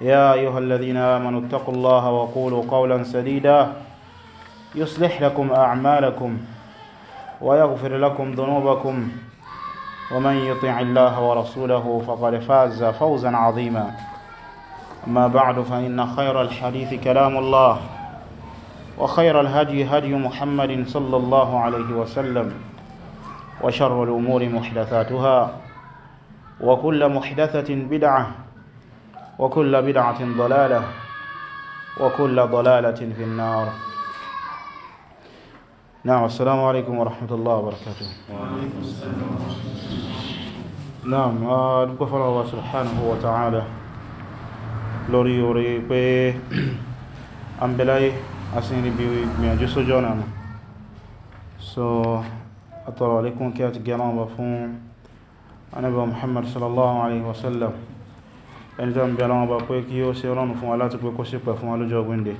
يا أيها الذين آمنوا اتقوا الله وقولوا قولا سديدا يصلح لكم أعمالكم ويغفر لكم ذنوبكم ومن يطع الله ورسوله فقد فاز فوزا عظيما أما بعد فإن خير الحديث كلام الله وخير الهدي هدي محمد صلى الله عليه وسلم وشر الأمور محدثاتها وكل محدثة بدعة وكل بدعة ضلالة وكل ضلالة في النار نعم السلام عليكم ورحمة الله وبركاته وعليكم السلام نعم أدوكفر الله سبحانه وتعالى lórí orí pé a ń bẹ láyé a sì ń rí bí gbìyànjú sójú ọ̀nà mọ̀ so àtọ̀rọ̀ alékún kí a ti gẹ́ràn ọba fún anábẹ̀ Muhammad sallallahu alaihi wasallam ẹni tó ń bí ọlọ́wọ́ bá pé kí ó ṣe ọlọ́run fún wa láti pé kó ṣe pẹ̀ fún wa lójọ́ gbíndé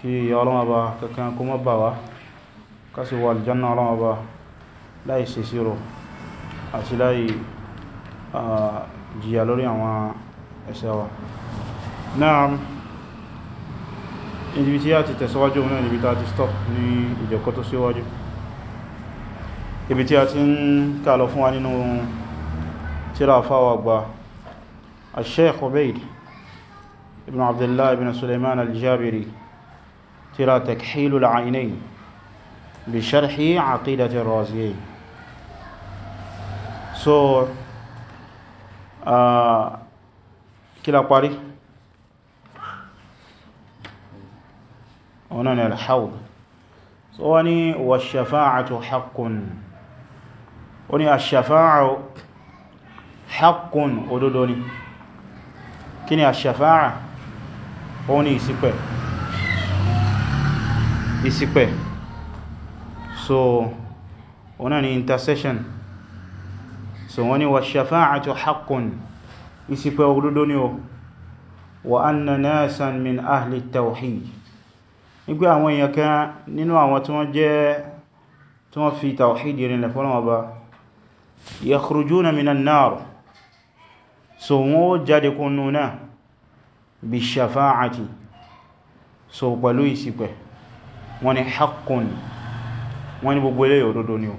kí ìyà ọlọ́wọ́ bá kankan kó mọ́ bà wá kásì wà aljanna ọlọ́wọ́ bá láì ṣe sírò àti láì jìyà lórí àwọn ẹ̀ṣẹ̀ wa náà ibi tí a ti tẹ̀síwájú náà ibi tí a ti stop ní ìjọkọ́ tó síwájú ibi tí a ti ń kà lọ fún wa nínú tíra fáwà gbà الشيخ عبيد ابن عبد الله بن سليمان الجابري ترى تكحيل العينين بشرح عقيدة الرازيين سور آه، كلا قاري هنا الحوض سواني والشفاعة حق وني الشفاعة حق ودودوني kí ni àṣàfáà òun ni ìṣìpẹ̀ ìṣìpẹ̀ so òun náà ni intercession so wọ́n ni wà ṣàfáàtù haqqun ìṣìpẹ̀ òdodo ni o wa anna nasan min ahli tawhid nígbé àwọn èèyàn kan nínú àwọn tí wọ́n jẹ́ tí wọ́n fi tawhid rinlẹ̀ fọ́nà ọba yakhrujuna minan nar so wọ́n jáde kúnnú náà bí ṣafa'ati so pẹ̀lú ìsìpẹ̀ wọ́n ni haqqun wọ́n ni gbogbo eléyìí òdodo ni o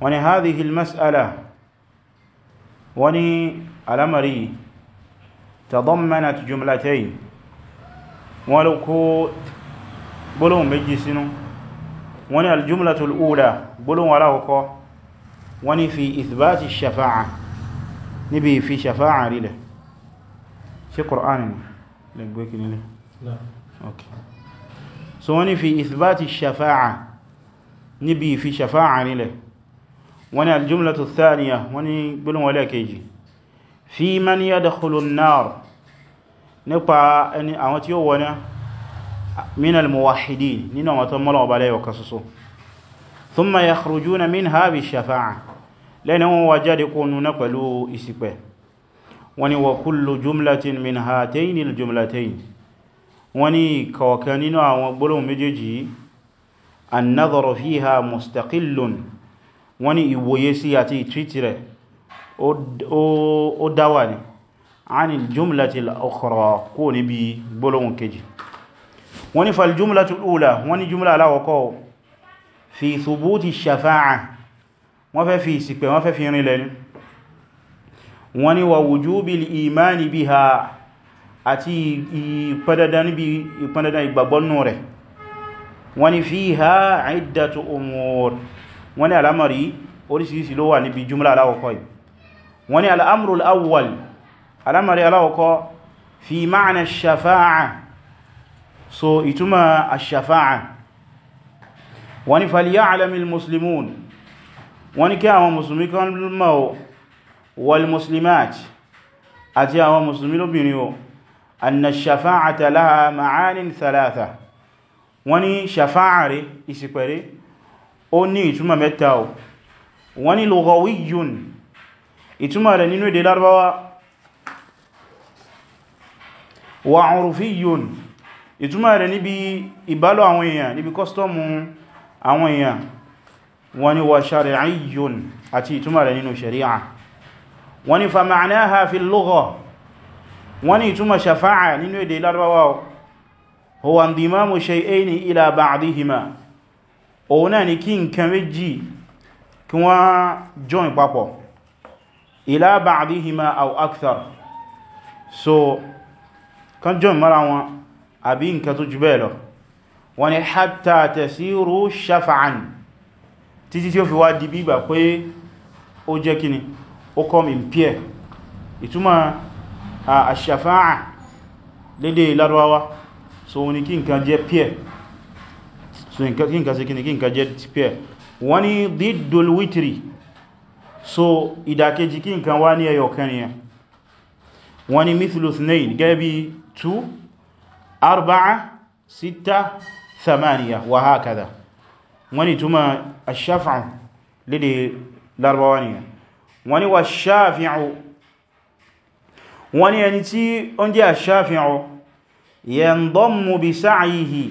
wọ́n ni hadhihi al-mas'ala wọ́n ni alamari tadammanat jumlatayn wọ́n ló kó gbólóhùn méjì sínú wọ́n ni aljumlatul ula gbólóhùn alákọ̀ọ́kọ́ wọ́n ni fi ithbati shafa'a níbi ìfi ṣàfáà rílẹ̀ ṣe Qur'an ni lẹ́gbẹ́ kìnílẹ̀ so wọ́n ní fi ìsìbáti ṣàfáà níbi ìfi ṣàfáà rílẹ̀ wọ́n ní aljumlatu thaniya wọ́n ní gbólúnwọ́lẹ̀ kejì fi man yadkhulu an-nar nípa ẹni àwọn tí ó wọ́ná minal muwahhidin nínú àwọn tó mọ́lọ̀ ọba lẹ́yọ̀ kasoso thumma yakhrujuna minha bi shafa'a lẹ́ni wọ́n wá jáde kó nuna pẹ̀lú ìṣìpẹ̀ wọ́n ní wa kullu jumlatin min hatayn al jumlatayn wọ́n ní kọ̀ọ̀kan nínú àwọn gbólóhùn méjèèjì an-nadharu fiha mustaqillun wọ́n ní ìwòye sí àti ìtìtì ó dáwà ní anil jumlati al kó níbi gbólóhùn kejì wọ́n ní fal jumlatul ula wọ́n ní jumla aláwọ̀kọ́ fi thubuti shafa'a wọ́n fẹ́ fi ìsìpẹ̀ wọ́n fẹ́ fi rin lẹ́ni wọ́n ni wà wujubil ìmáni biha àti ìpẹ́dandan níbi ìpẹ́dandan ìgbàgbọ́nù rẹ̀ wọ́n ni fiha iddatu umur wọ́n ni alamari orísìírísìí ló wà níbi jùmlá aláwọ̀kọ́ yìí wọ́n ni al'amrul awwal alamari aláwọ̀kọ́ fi ma'ana shafa'a wọ́n ní kí àwọn musulmi kan mọ̀ o wal muslimat àti àwọn musulmi lóbìnrin o anna shafa'ata laha ma'anin thalatha wọ́n ní shafa'are ìsìpẹ̀rẹ̀ ó ní ìtumọ̀ mẹ́ta o wọ́n ní lughawiyyun ìtumọ̀ rẹ̀ nínú èdè Lárúbáwá wa urufiyyun ìtumọ̀ rẹ̀ níbi ìbálò àwọn èèyàn níbi kọ́stọ́mù àwọn èèyàn wọ́n ni wa shari'iyyun àti ìtumọ̀ rẹ̀ nínú shari'a wọ́n ni fama'naha fil lugha wọ́n ni ìtumọ̀ shafa'a nínú èdè Lárúbáwá huwa ndimamu shay'aini ila ba'dihima òun náà ni kí nǹkan méjì kí wọ́n join papọ̀ ila ba'dihima akthar so kan join mara wọn àbí nǹkan tó jù hatta tasiru shafa'an títí tí ó fi wá di bí ìgbà pé ó jẹ́ kíni ó come in pair ìtumọ̀ àṣàfáà lédè lárọwá so ní kí nǹkan jẹ́ pair so kí nǹkan sí kíni kí nǹkan jẹ́ pair wọ́n ni dídol wítìrì so ìdàkejì kí nǹkan wá ní ẹyọ kẹrìyàn wọ́n ni mithlus nail gẹ́gẹ́ bí 2 arba'a 6 thamaniya wa hakada wọ́n ni túnmà aṣáfàún lédè larabawa ni wọ́n ni wà ṣáfihàn wọ́n ni ẹni tí ó ń jẹ́ aṣáfihàn yanḍammu bi sa'yihi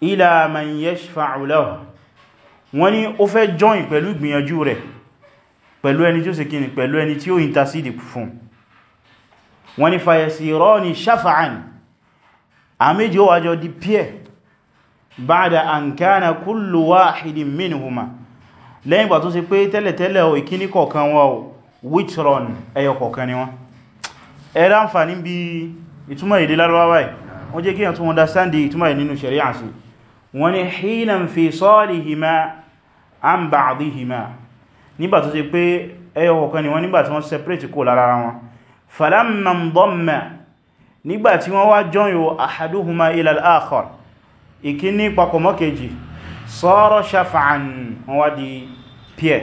ila man yashfa'u lahu wọ́n ni ó fẹ́ join pẹ̀lú ìgbìyànjú rẹ̀ pẹ̀lú ẹni tí ó sèkíni pẹ̀lú ẹni tí ó intercede fún wọ́n ni fayasirani shafa'an àméjì ó wájọ́ di pierre ba'da an kana kullu wahidin minhuma lẹ́yìn gbà tó ṣe pé tẹ́lẹ̀tẹ́lẹ̀ o ìkíní kọ̀ọ̀kan wọn o witron ẹyọ kọ̀ọ̀kan ni wọ́n ẹ̀rá ń fà ní bí ìtumọ̀ èdè lárọ́wà wọ́n jẹ́ kí yàn tún understand ìtumọ̀ nínú ṣẹ̀rí'à sí wọ́n ni hinan fi salihima wá jọ́yọ̀ ahaduhuma ila al ìkíní papọ̀ mọ́ kejì sọ́rọ̀ shafa'an wọ́n wá di pẹ́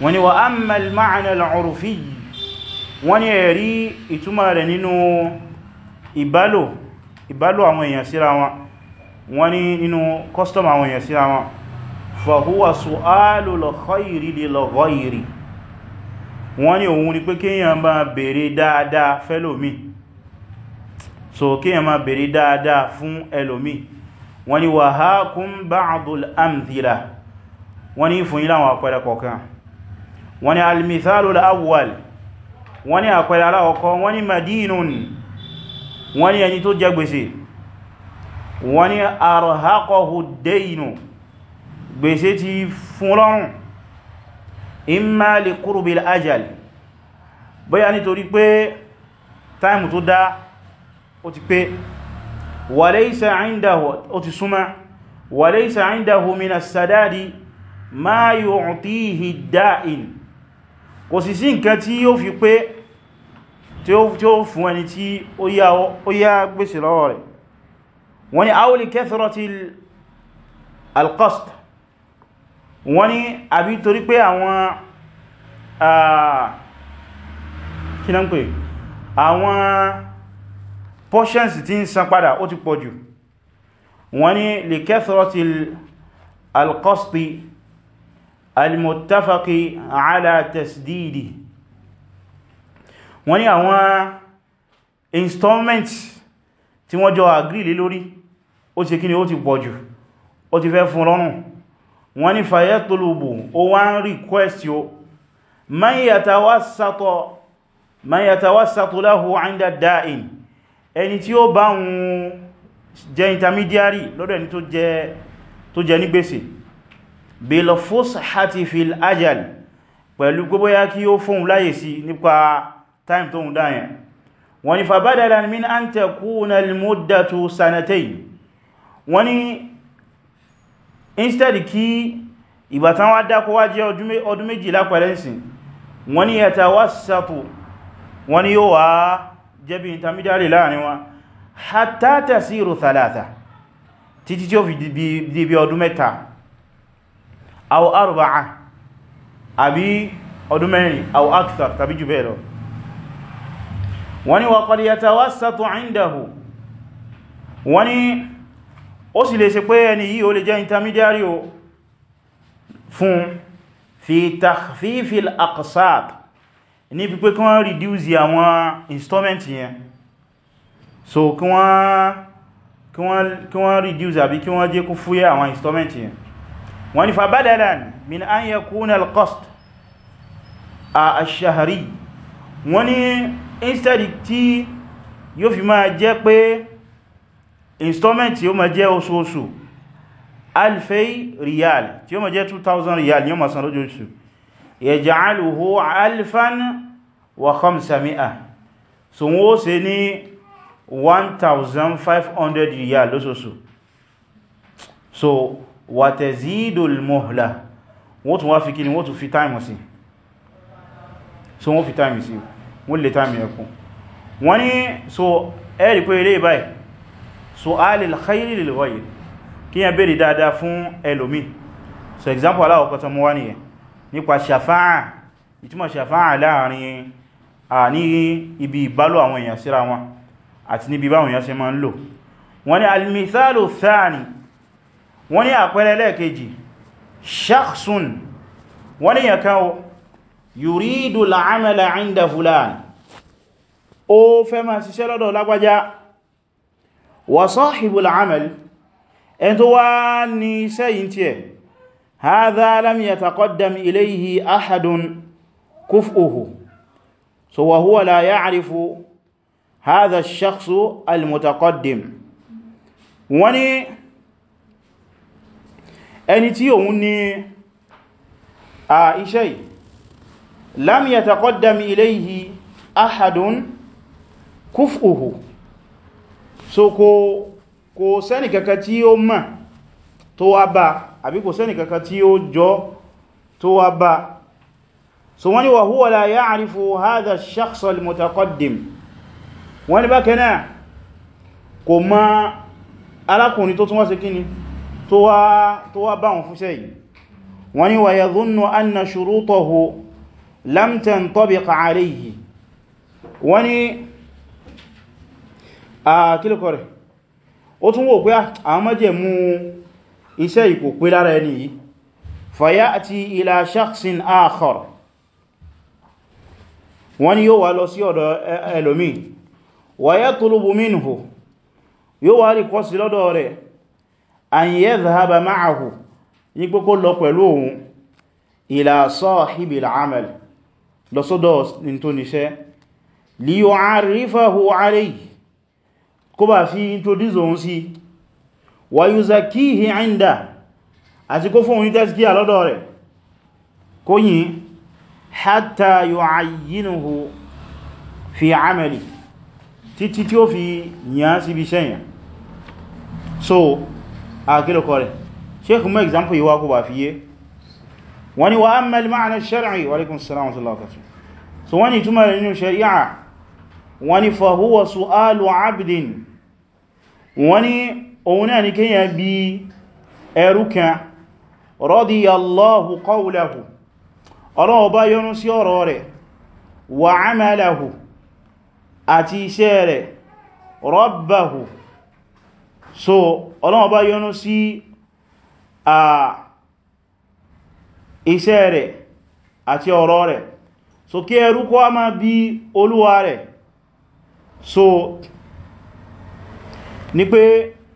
wọ́n ni wa amma al-ma'na al-urfi wọ́n ni ẹ̀rí ìtumọ̀ rẹ̀ nínú ìbálò ìbálò àwọn èèyàn síra wọn wọ́n ni nínú custom àwọn èèyàn síra wọn fàhúwà su'alu so kí ẹ ma bèèrè dáadáa fún ẹlòmí wọ́n ni wa haakum ba'dul amthila wọ́n ni fún ìlànà àpẹẹrẹ kọ̀kan wọ́n ni al-mithalul awwal wọ́n ni àpẹẹrẹ aláwọ̀kọ́ wọ́n ni madinun wọ́n ni ẹni tó jẹ wọ́n ni arhaqahu daynu gbèsè ti fún lọ́rùn imma li qurbil ajal bóyá nítorí pé táìmù tó dáa ó ti pé walaysa indahu ó ti súnmá walaysa indahu mina sadadi ma yu'tihi da'in kò sì sí nǹkan tí ó fi pé tí ó fún ẹni tí ó yá gbèsè lọ́wọ́ rẹ̀ wọ́n ni awli kathrati al-qasd torí pé àwọn ah, kí náà ń pè àwọn portions tí ń san padà ó ti pọ̀jù wọ́n ní li kathrati al-qasdi al-muttafaqi ala tasdidi wọ́n ní àwọn installment tí wọ́n jọ agree lé lórí ó ti kí ni ó ti pọ̀jù ó ti fẹ́ fún lọ́rùn wọ́n ní fayatulubu ó wá ń request yo man yatawassatu man yatawassatu lahu 'inda dain ẹni tí ó bá ń jẹ intermediary lọ́dọ̀ ẹni tó jẹ ní gbèsè belofos hati fil ajal pẹ̀lú gbogbo ya kí ó fóun láyè sí nípa time tóun dáyẹn wọ́n ni fàbádàdà min an takuna al-muddatu sanatayn wọ́n ni instead kí ìbátan wá dákọ́ wá jẹ́ ọdún méjìlá pẹ̀lẹ́sìn wọ́n ni yatawassatu wọ́n ni yóò wá jẹ́bi intermediary láàrin wọn hatta tasiru thalatha títí tí ó fi di bí ọdún mẹ́ta aw arba'a àbí ọdún mẹ́rin aw akthar tàbí jù bẹ́ẹ̀ lọ wọ́n ni wa qad yatawassatu indahu wọ́n ni ó sì lè ṣe pé ẹni yìí ó lè jẹ́ intermediary fún fi takhfifil aqsat ní pípé kí wọ́n reduce àwọn installment yẹn so kí wọ́n reduce àbí kí wọ́n jẹ́ kó fúyẹ́ àwọn installment yẹn wọ́n ní fabadalan min an yakuna al-qasd ash-shahri wọ́n ní instead tí yóò fi máa jẹ́ pé installment yóò máa jẹ́ oṣooṣù alfay riyal tí yóò máa jẹ́ 2000 riyal yóò máa san lójooṣù yaj'aluhu alfan wa khamsami'a so wọ́n ṣe ní 1500 riyal lóṣooṣù so wa tazidul muhla wọ́n tún wá fi kíni wọ́n tún fi táìmù sí so wọ́n fi táìmù sí wọ́n lè táìmù ẹkùn wọ́n ní so ẹ̀rì pé ilé ìbáyìí so alil khayri lil ghayri kí yẹn bèèrè dáadáa fún ẹlòmí so example aláwọ̀kọ́ta mú wá nìyẹn nípa ṣàfáà ìtumọ̀ ṣàfáà láàrin a ní ibi ìbálò àwọn èèyàn síra wọn àti níbi báwọn èèyàn ṣe máa ń lò wọ́n ni almithalu thani wọ́n ni àpẹẹrẹ lẹ́ẹ̀kejì shakhsun wọ́n ni yankan yuridu la'amala 'inda fulan ó fẹ́ máa ṣiṣẹ́ lọ́dọ̀ هذا لم يتقدم إليه أحد كفؤه so وهو لا يعرف هذا الشخص المتقدم wọ́n ní ẹni tí òun ní a iṣẹ́ لم يتقدم إليه أحد كفؤه so kò sẹ́nìkẹ́kẹ́ tí ó mọ̀ tó wá bá àbí kò sẹ́ni kankan tí ó jọ tó wá bá so wọ́n ni wà huwa la ya'rifu hadha ash-shakhs al-mutaqaddim wọ́n ni bákan náà kò ma alákùnrin tó tún wá sí kíni tó wá bá wọn fúnṣẹ́ yìí wọ́n ni wa yadhunnu anna shurutahu lam tantabiq alayhi wọ́n ni iṣẹ́ ìkò pé lára ẹni yìí fayati ila shakhsin akhar wọ́n ni yóò wá lọ sí ọ̀dọ̀ ẹlòmí wa yatlubu minhu yóò wá rí kọ́ sí lọ́dọ̀ rẹ̀ an yadhhaba ma'ahu ní pé lọ pẹ̀lú òun ila sahibil amal lọ sọ́dọ̀ nítòníṣẹ́ li yu'arrifahu alayhi kó bá fi introduce òun sí wa yuzakihi inda àti kó fún òyìn tazkiya lọ́dọ̀ rẹ̀ kó yìn hatta yu'ayyinuhu fi amali títí tí ó fi yàn sí ibi sẹ́yìn so àkílùkọ rẹ̀ sheikh mọ́ example yíwá kó bá fi yé wọ́n ni wa amma al-ma'na ash wa alaykum as-salam wa so wọ́n ni túnmọ̀ rẹ̀ nínú shari'a wọ́n ni su'alu abdin wọ́n òun náà ni kíyàn bí ẹrú kan radiyallahu qawlahu ọlọ́wọ́ bá yọ́nú sí ọ̀rọ̀ rẹ̀ wa amalahu àti iṣẹ́ rẹ̀ rabbahu so ọlọ́wọ́ bá yọ́nú sí à iṣẹ́ rẹ̀ àti ọ̀rọ̀ rẹ̀ so kí ẹrú a máa bí olúwa rẹ̀ so ni pé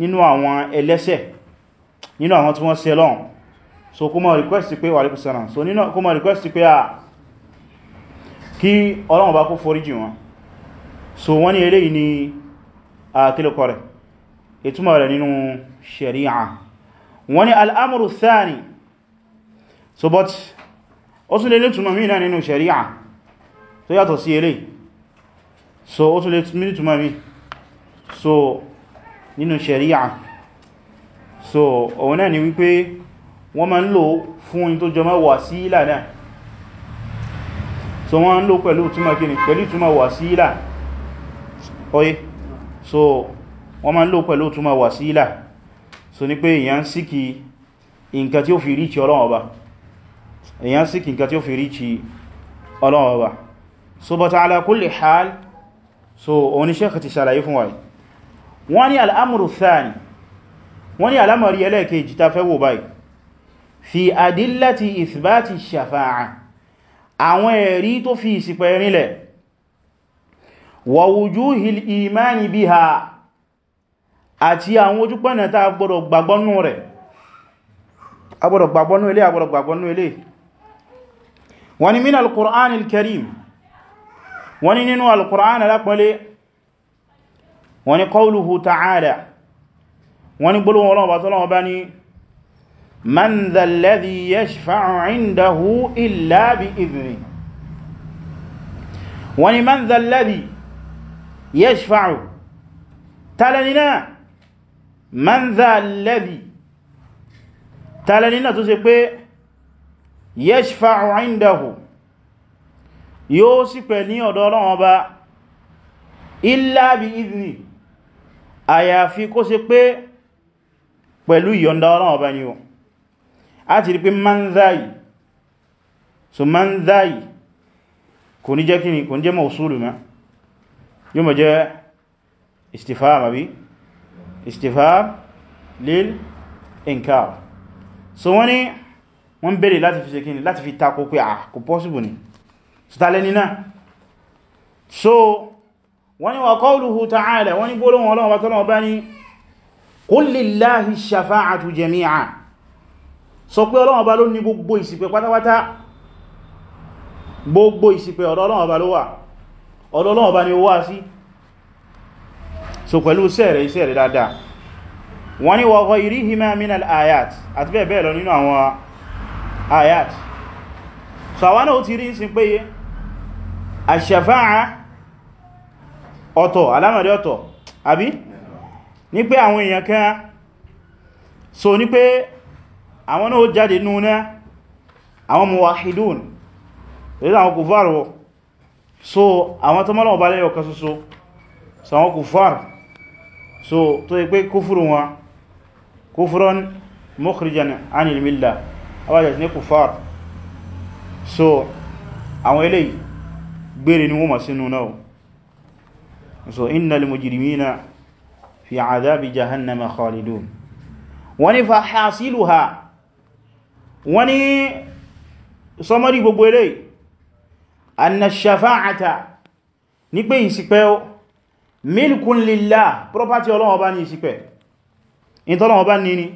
nínú àwọn ẹlẹ́ṣẹ̀ nínú àwọn tí wọ́n ṣe lọ́n so kó mọ̀ request pé wà lẹ́kùsànà so nínú kó mọ̀ request pé à kí Ọlọ́run bá kó foríjì wọn so wọ́n ní eléyìí ni àkílùkọ rẹ̀ ìtumọ̀ rẹ̀ nínú ṣẹ̀ríà wọ́n ní al'amuru thani so but ó tún lè lè túnmọ̀ mí náà nínú ṣẹ̀ríà tó yàtọ̀ sí eléyìí so ó tún lè túnmọ̀ mí so nínú ṣẹ̀ríà so òun náà ni wípé wọ́n ma ń lò fún in tó jọmọ́ wàsílà náà so wọ́n ń lò pẹ̀lú túnmà kíni pẹ̀lú túnmà wàsílà oye so wọ́n ma ń lò pẹ̀lú túnmà wàsílà so ní pé èyàn síkì nǹkan tí ó fi ríci ọlọ́wọ́ ba èyàn síkì nǹkan so bata ala kulli hal so oníṣẹ́ ti ṣàlàyé fún wa wọ́n ní al'amuru thani wọ́n ní alamari ẹlẹ́kejì ta fẹ́ wò báyìí fi adillati ithbati shafa'a àwọn ẹ̀rí tó fi ìsìpẹ̀ rinlẹ̀ wa wujuhil imani biha àti àwọn ojúpọ̀nà tá gbọ́dọ̀ gbàgbọ́nú rẹ̀ agbọ́dọ̀ gbàgbọ́nú ilé agbọ́dọ̀ gbàgbọ́nú ilé wani min al-Qur'an wọ́n ni qawluhu ta'ala wọ́n ni gbólóhùn Ọlọ́run bá tọ́lọ́wọ́ bá ní man dhal ladhi yashfa'u 'indahu illa bi idhni wọ́n ni man dhal ladhi yashfa'u talanina man tó ṣe pé yashfa'u 'indahu yóò sì pẹ̀ ní ọ̀dọ̀ Ọlọ́run bá illa bi idhni àyàfi kó ṣe pé pẹ̀lú ìyọ̀nda Ọlọ́run ọba ni o a ti rí pé manzai so manzai kò ní jẹ́ kíni kò ní jẹ́ mọ̀súlù mẹ́ yóò mọ̀ jẹ́ istifar àbí istifar lil inkar so wani ni wọ́n bèèrè láti fi ṣe kíni láti fi takò pé à ah, kò possible ni so tàlẹ́ni náà so wọ́n ni wa qawluhu ta'ala wọ́n ni gbólóhùn Ọlọ́run bátọ́lọ́wọ́ bá ní qul lillahi shafa'atu jami'a sọ pé Ọlọ́run bá ló ní gbogbo ìṣìpẹ̀ pátápátá gbogbo ìṣìpẹ̀ ọ̀dọ̀ Ọlọ́run bá ló wà ọ̀dọ̀ Ọlọ́run bá ni ó wá sí so pẹ̀lú sẹ́rẹ̀ ìsẹ́rẹ̀ dáadáa wọ́n ni wa ọ̀tọ̀ alámàrí ọ̀tọ̀ àbí ní pé àwọn èèyàn kan so ní pé àwọn náà jáde núna àwọn muwahidun rí àwọn kùfàrù so àwọn tó mọ́lọ̀ ọba lẹ́yọ kan ṣoṣo so àwọn kùfàrù so tó yẹ pé kúfùrù wọn kúfùrún mukhrijan anil millah abájẹ̀ ní kùfàrù so àwọn eléyìí gbére ni wọ́n mọ̀ sínú náà so innal mujrimina fi adhabi jahannama khalidun wani fa hasiluha wani somari gbogbo ele anna shafa'ata ní pé ìṣìpẹ̀ o milkun lillah property Ọlọ́run Ọba ni ìṣìpẹ̀ in t'Ọlọ́run Ọba ni ni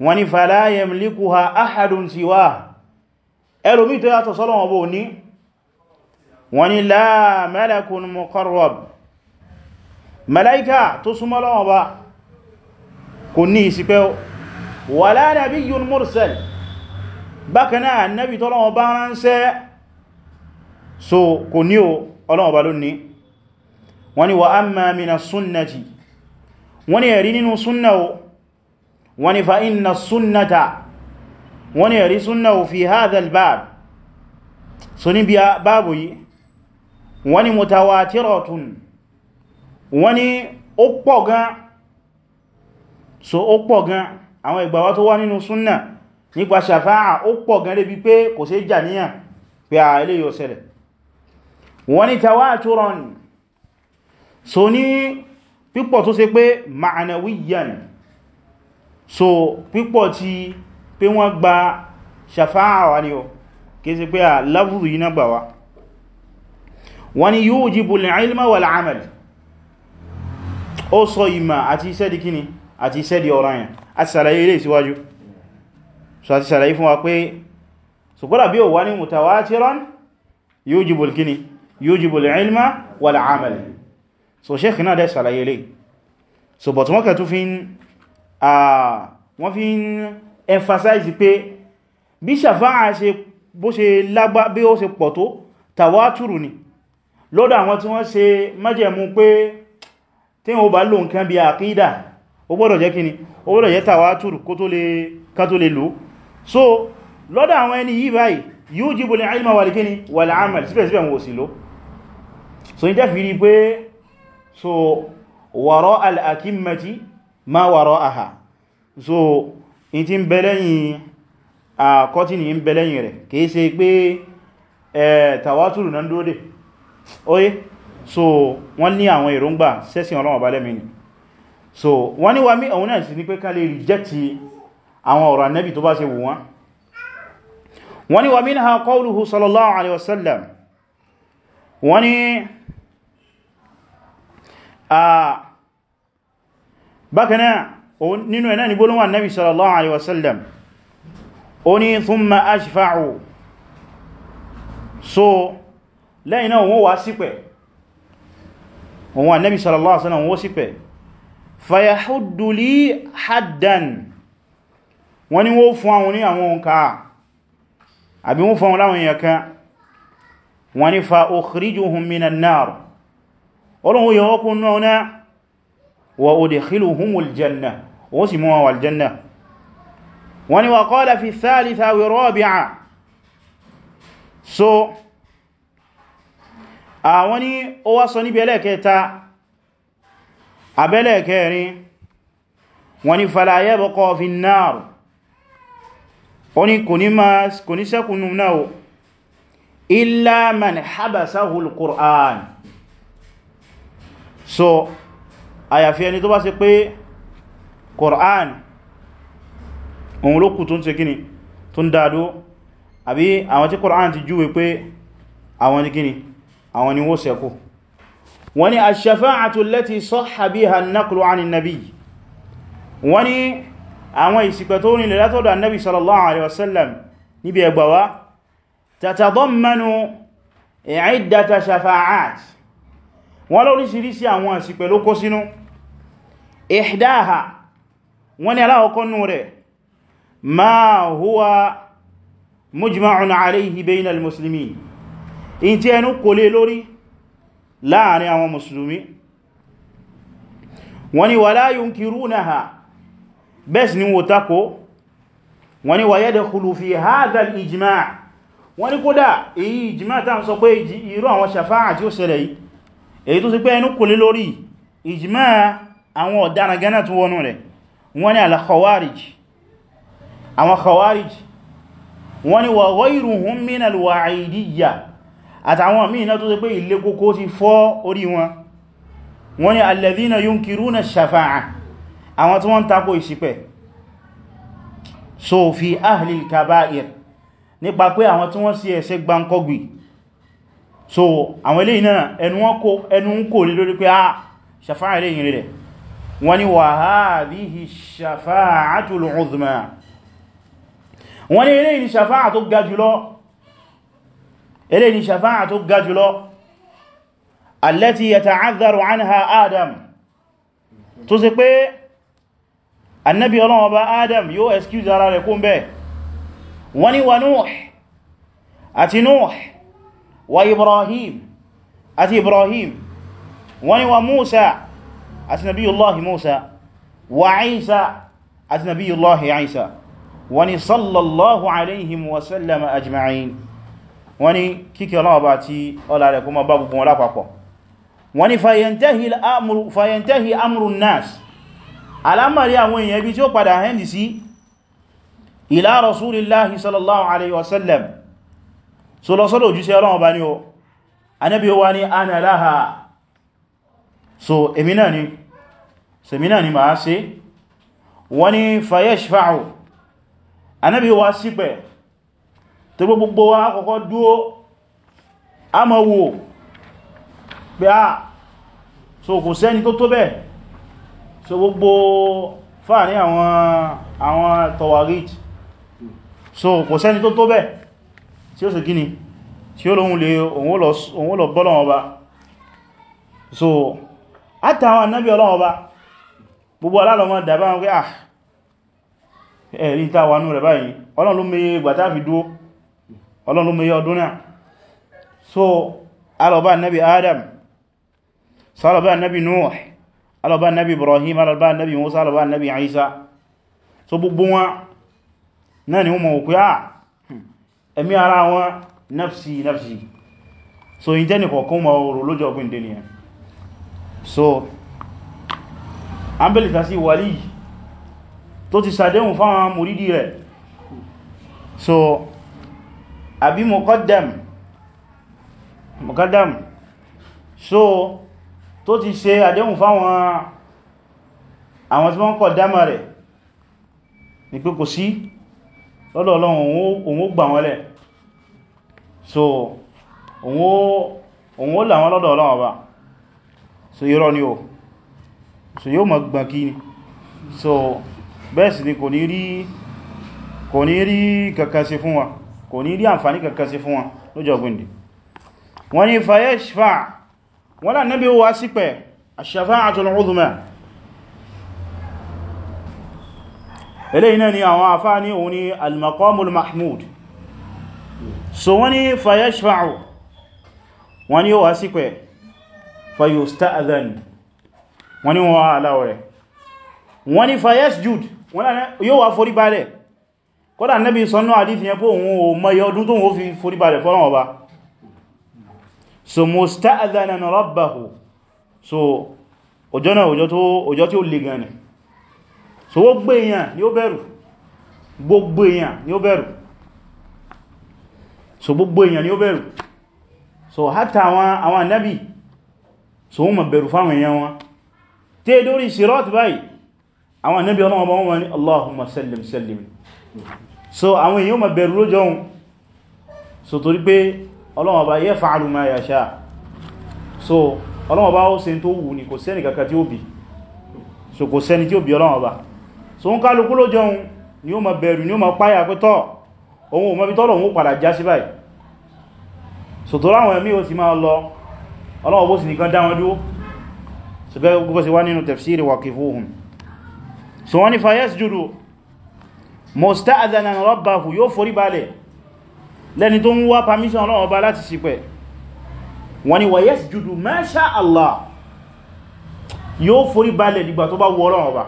wani fala yamlikuha ahadun siwa ẹlòmí tó yàtọ̀ s'Ọlọ́run Ọba ní wani la malakun mẹ́láíkà tó súnmọ́ lọ́wọ́ bá kò ní ìsìpẹ́ wala nabiyyun mursal bákanáà annabi tọ́lọ́wọ́ bá ránṣẹ́ so kò ní o ọlọ́wọ́ bá lónìí wọ́n ni wa amma mina sunnati wọ́n ni ẹ̀rí nínú súnnà o wọ́n ni fa sunnata wọ́n ni ẹ̀rí o fi hadha bab so ní bí báàbù yìí wọ́n ni wọ́n ní ó pọ̀ gan so ó pọ̀ gan àwọn ìgbàwá tó wá nínú súnnà nípa ṣàfáà ó pọ̀ gan débi pé kò ṣe jà níyàn pé à ilé yóò ṣẹlẹ̀ wọ́n ní tawaturan so ní pípọ̀ tó ṣe pé ma'anawiyan so pípọ̀ ti pé wọ́n gba ṣàfáà wà ní o kìí pé à lábùrù yìí náà wọ́n ní yujibu al-ilma wal ó sọ ìmà àti iṣẹ́ di kíni àti iṣẹ́ di ọ̀rọ̀ yẹn àti sàlàyé ilé ìsíwájú so àti sàlàyé fún wa pé sùkúrà bí ó wà ní mutawatiran yujibul kíni yujibul ilma wal amal so sheikh náà dẹ̀ sàlàyé ilé so but wọ́n kẹtù fi ń fi ń emphasize pé bí ṣàfáà ṣe bó ṣe lágbá bí ó ṣe pọ̀ tó tàwátùrù ni lọ́dọ̀ àwọn tí wọ́n ṣe májẹ̀mú pé tí wọ́n bá lò nǹkan bí àkídà ó gbọ́dọ̀ jẹ́ kíni ó gbọ́dọ̀ jẹ́ tàwátùrù kó tó lè lò so lọ́dọ̀ àwọn ẹni yìí báyìí yóò jíbo lè àìmà wà kíni wà láàmà síbẹ̀síbẹ̀ wọ́n sì lò so ní jẹ́ fi rí pé so wàrọ́ al'akimmati ma wàrọ́ aha so in ti ń bẹ lẹ́yìn àkọ́tí ni ń bẹ lẹ́yìn rẹ̀ kìí ṣe pé tàwátùrù nan dóde so wọ́n ní àwọn èròǹgbà sẹ́sìn Ọlọ́run Ọba lẹ́mìí so wọ́n ní wa mí ọ̀hún náà sí ní pé ká lè rìjẹ́tì àwọn ọ̀rọ̀ Ànábì tó bá ṣe wù wọ́n wọ́n ní wa minha qawluhu sallallahu alaihi wasallam wọ́n ní a bákanáà sallallahu alaihi wasallam so lẹ́yìn náà wọ́n òun annabi sallallahu alaihi wasallam wó sí pẹ̀ fayahuduli haddan wọ́n ni wọ́n fún àwọn ní àwọn òǹkà àbí wọ́n fún àwọn láwọn èèyàn kan wọ́n ni fa ukhrijuhum minan so àwọn ah, ni ó wá sọ níbi ẹlẹ́ẹ̀kẹta abẹ́lẹ́ẹ̀kẹrin wọ́n ni fala yabqa fi an-nar ó ní kò ní sẹ́kùnù náà illa man habasahu al-Qur'an so àyàfi ẹni tó bá ṣe pé Qur'an òun ló kù tó ń ṣe gini tó ń dádó àbí àwọn tí Qur'an ti júwe pé àwọn ni gini àwọn ni wọ́n sẹ́kù wọ́n ni ash-shafa'atu allati sahha biha an-naqlu 'an an-nabi wọ́n ni àwọn ìsìpẹ̀ tó rìnlẹ̀ látọ̀dọ̀ annabi sallallahu alaihi wasallam níbi ẹgbàwá tatadammanu iddata shafa'at wọ́n lóríṣiríṣi àwọn ìsìpẹ̀ ló kó sínú ihdaha wọ́n ni ma huwa mujma'un alayhi bayna al-muslimin in tí ẹnu kò lè lórí láàrin àwọn musulmi wọ́n ni wala yunkirunaha bẹ́ẹ̀ sì ni wò takò wọ́n ni wa yadkhulu fi hadha al-ijma' wọ́n ni kódà èyí ijma' tàà sọ pé irú àwọn shafa'a tí ó ṣẹlẹ̀ yìí èyí tó sì pé ẹnu kò lè lórí ijma' àwọn ọ̀daràn gánà tó wọnú rẹ̀ wọ́n ni al àwọn khawarij wọ́n ni wa ghayruhum min al-wa'idiyya àtàwọn míì náà tó ṣe pé ilé kókó ti fọ́ orí wọn wọ́n ni alladhina yunkiruna shafa'a àwọn tí wọ́n tako ìṣìpẹ̀ so fi ahlil kaba'ir nípa pé àwọn tí wọ́n sí ẹ̀ṣẹ̀ gbáǹkọ́gbì so àwọn eléyìí náà ẹnu kò lè lórí pé a ah, shafa'a ilé ìrìn wọ́n ni wa hadhihi ilé ni ṣàfáà tó ga jùlọ allati yata'adharu anha adam tó sì pé annabi ọlọ́wọ́ bá adam yóò excuse ara rẹ̀ kún bẹ́ wọ́n ni wa nuh àti nuh wa ibrahim àti ibrahim wọ́n ni wa musa àti nabiyullahi musa wa isa àti nabiyullahi isa wọ́n sallallahu alaihim wasallama ajma'in wọ́n ní kíkẹ́ Ọlọ́run bá ti ọlá rẹ̀ kó má bá gbogbo wọn lápapọ̀ wọ́n ní fayantahi amru nas alamari àwọn èèyàn bí tí ó padà hẹ́ndì sí ila rasulillahi sallallahu alaihi wasallam so lọ sọ́dọ̀ so èmi so èmi náà ni máa ṣe wọ́n ní tó gbogbo wa kọ́kọ́ dúó a mọ̀ wò pé a ah, so kò sẹ́ni tó tó bẹ́ẹ̀ so gbogbo fàárí àwọn àwọn tọwàríj so kò sẹ́ni tó tó bẹ́ẹ̀ tí ó sì gíní tí ó lóhun lè òun lọ bọ́lọ̀ ọba so àtàwọn annabi ọlọ́wọ́ bá gbogbo alálọ́mọ́ dàbá wọn pé ah ẹ̀rí ìtawà nú rẹ̀ báyìí ọlọ́run ló mẹ́ ọlọ́run mẹ́yọ ọdún náà so alọ́bá nabi adam sálọ́bá nabi nuh alọ́bá nabi ibrahim alọ́bá nabi musa alọ́bá nabi isa so gbogbo wọn náà ni wọ́n mọ̀ òkú yáà ah, ẹ̀mí ara wọn nafsi nafsi so yí jẹ́ nìkọ̀ọ̀kan mọ̀ ọ̀rọ̀ lójọ ọgbìn dé nìyàn so ambelita sí wàlí tó ti sàdéhùn fáwọn mùrídìí rẹ̀ so àbí muqaddam muqaddam so tó ti ṣe àdéhùn fáwọn àwọn tí wọ́n kọ̀ dámà rẹ̀ ní pé kò sí lọ́dọ̀ òun ó gbà wọ́n lẹ̀ so òun ó là wọ́n lọ́dọ̀ Ọlọ́run ọba so irọ́ ni o so yóò mọ̀ gbọ̀n kí so bẹ́ẹ̀ ni kò ní rí kò ní fún wa kò ní rí àǹfàní kankan sí fún wọn lójọ gbìndì wọ́n ni fayashfa wọ́n lá nábi wá sí pẹ̀ ash-shafa'atul 'udhma eléyìí náà ni àwọn afá ní òun ni al mahmud so wọ́n ni fayashfa'u wọ́n ni wá sí pẹ̀ fayusta'dhan wọ́n kódà nẹ́bí sọ́nà àdífì yẹn pé òun ò mọ́ ọdún tó wọ́n fi foríbalẹ̀ fọ́nà ọba so musta'adhana rabbahu so ọjọ́ náà ọjọ́ tí ó le gan ni so gbogbo èèyàn ni ó bẹ̀rù gbogbo èèyàn ni ó bẹ̀rù so gbogbo èèyàn ni ó bẹ̀rù so hátà àwọn nẹ́bí so wọ́n mọ̀ bẹ̀rù fáwọn èèyàn wọn tí è dórí sirat báyìí so àwọn èèyàn ma bẹ̀rù lójọ́ ohun so torí pé Ọlọ́run Ọba yaf'alu ma yasha so Ọlọ́run Ọba ó ṣe tó wù ní kò sẹ́ni kankan tí ó bí so kò sẹ́ni tí ó bí Ọlọ́run Ọba so ń kálukú lójọ́ ohun ni ó ma bẹ̀rù ni ó ma páyà pé tọ́ ohun òmọ́bí tọ́lọ̀ òun padà já sí báyìí so tó ráwọn ẹ̀mí ó ti máa musta'adhanan rabbahu yóò forí balẹ̀ lẹ́ni tó ń wá permission Ọlọ́run Ọba láti ṣìpẹ̀ wọ́n ni wa yasjudu ma sha Allah yóò forí balẹ̀ dìgbà tó bá wù Ọlọ́run Ọba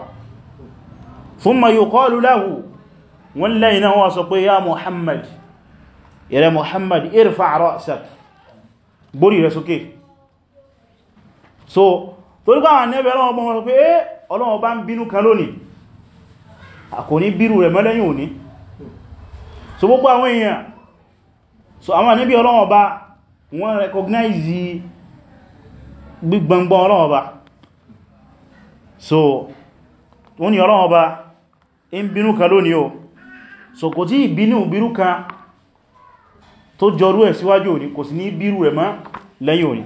thumma yuqalu lahu wọ́n lẹ́yìn náà wọ́n eh, ń bínú kan lónìí kò ní bírù rẹ̀ mọ́lẹ́yìn òní so gbogbo àwọn èèyàn so àwọn ànábì Ọlọ́run Ọba wọ́n recognize gbígbọngbọn Ọlọ́run Ọba so wọ́n ni Ọlọ́run Ọba in bínú kan lónìí o so kò tí ìbínú bírú kan tó jọrú ẹ̀ síwájú òní kò sí ní bírù rẹ̀ mọ́ lẹ́yìn òní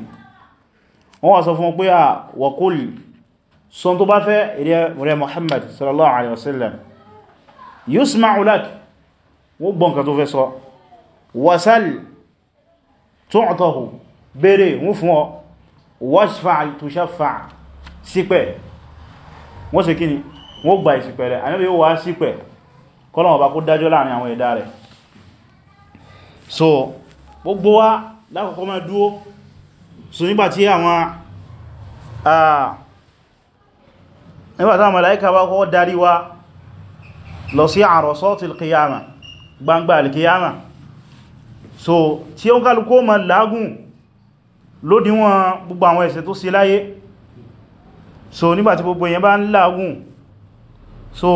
wọ́n tó bá fẹ́ rẹ̀ Muhammad sallallahu alaihi wasallam yusma'u lak wọ́n gbọ́n nǹkan tó fẹ́ sọ wasal tu'tahu bèèrè wọ́n fún ọ washfa' tushaffa' sípẹ̀ wọ́n ṣe kíni wọ́n gba ìsìpẹ̀ rẹ̀ àníbí ó wá sípẹ̀ kọ́lọ̀wọ̀ bá kó dájọ́ láàrin àwọn ẹ̀dá rẹ̀ so gbogbo wa lákọ̀ọ́kọ́ máa dúó so nígbàtí àwọn ah, nígbàtí àwọn màláíkà bá lọ sí àrọ̀sọ́tì alkiyama gbangba alkiyama so tí ó ń kálukó ma lágùn lódíwọ̀n gbogbo àwọn ẹ̀ṣẹ̀ tó sí láyé so nígbàtí gbogbo èyàn bá ń lágùn so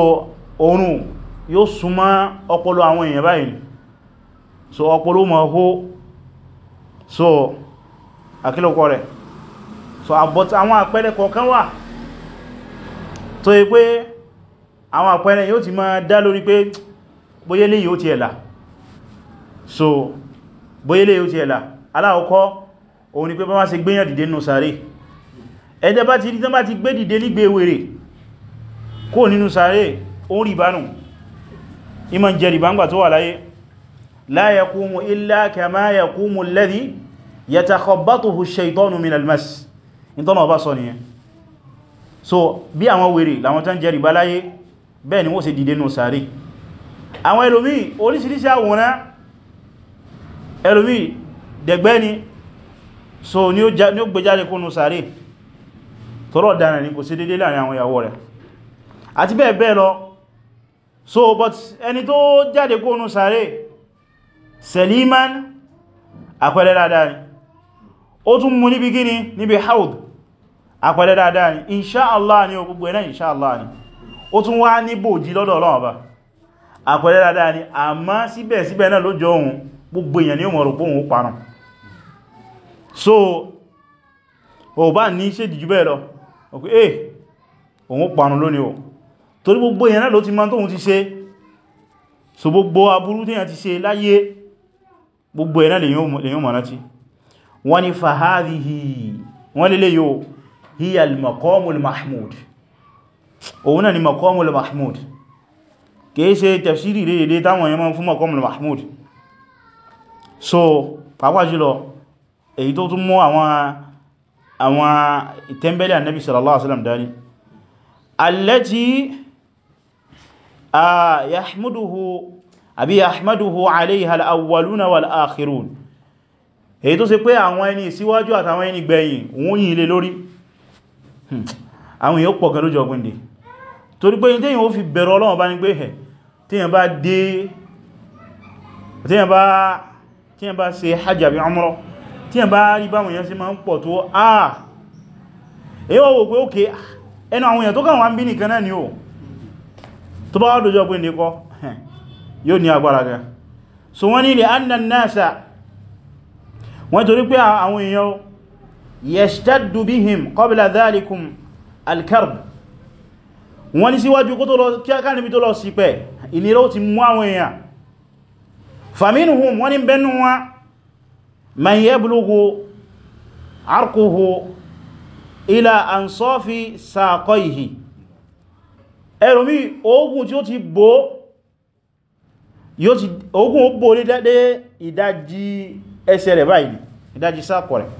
oòrùn yóò súnmọ́ ọpọlọ àwọn èyàn báyìí so ọpọlọ ma hó so àkílòkọ rẹ̀ so àbọ̀t àwọn àpẹẹrẹ kọ̀ọ̀kan wà tó yí pé àwọn àpẹẹrẹ yóò ti máa dá lórí pé bóyélé yóò ti ẹ̀là so bóyélé yóò ti ẹ̀là aláwọ̀kọ́ òun ni pé bá wá ṣe gbéyàn dìde nínú sàárè ẹjẹ́ bá ti rí tán bá ti gbé dìde nígbé wèrè kó nínú sàárè ó rí bánù ìmọ̀ jẹ rìbángbà tó wà láyé la yaqumu illa kama yaqumu alladhi yatakhabbatuhu ash-shaytanu min ọba sọ nìyẹn so bí àwọn wèrè làwọn tán jẹ rìbá láyé bẹ́ẹ̀ ni wọ́n ṣe dìde nù sàárì àwọn ẹlòmí oríṣiríṣi àwòrán ẹlòmí dẹ̀gbẹ́ ni so ni ó gbé jáde kó nù sàárì tọ́rọ̀ dára ni kò sí dédé láàrin àwọn ìyàwó rẹ̀ àti bẹ́ẹ̀ bẹ́ẹ̀ lọ so but ẹni tó jáde kó nù sàárì seliman àpẹẹrẹ dáadáa ni ó tún mú níbi gíní níbi haud àpẹẹrẹ dáadáa ni inṣáàlá ni ó gbogbo ẹ̀nà inṣáàlá ni ó tún wá ní bòjí lọ́dọ̀ Ọlọ́run Ọba àpẹẹrẹ dáadáa ni àmọ́ síbẹ̀síbẹ̀ náà lójọ ohun gbogbo èèyàn ni ó mọ̀rọ̀ pòhun parun so o bá ní ṣe dìjú bẹ́ẹ̀ lọ ọkù eh òun parun lónìí o torí gbogbo èèyàn náà ló ti máa tóhun ti ṣe so gbogbo aburú tí èèyàn ti ṣe láyé gbogbo èèyàn lèyàn mọ̀ rántí òun náà ni maqamul mahmud kìí ṣe tafsiri dédé táwọn yẹmọ́ fún maqamul mahmud so pàápàá jùlọ èyí tó tún mú àwọn ìtẹ́mbẹ̀lẹ̀ annabi sallallahu alaihi wasallam dání allati yahmaduhu àbí yahmaduhu alayha al-awwaluna wal-akhirun èyí tó ṣe pé àwọn ẹni síwájú àtàwọn ẹni gbẹ̀yìn wọ́n yìn lé lórí hmm àwọn èèyàn pọ̀ gẹ́lójọ ọgbìndì torí pé tíyàn ó fi bẹ̀rọ Ọlọ́run bá ní pé ẹ̀ tíyàn bá dé tíyàn bá ṣe hajj àbí umrah tíyàn bá rí báwọn èèyàn ṣe máa ń pọ̀ tó àà èyí wọ́n wò pé ókè ẹnu àwọn èèyàn tó kàn wá ń bí nìkan náà ni ó tó bá wádójọ́ ọgbìndì kọ́ yóò ní agbára gan so wọ́n ní li anna alkarb wọ́n ní síwájú kó tó lọ kí a kánibí tó lọ sí pẹ̀ ìnira ó ti mú àwọn èèyàn fàmínhùn wọ́n ní bẹnu wọn man yablughu arquhu ila ansafi saqayhi ẹlòmí ogun tí ó ti bó ogun ó bó dédé ìdájí ẹsẹ̀ rẹ̀ báyìí ìdájí sákọ̀ rẹ̀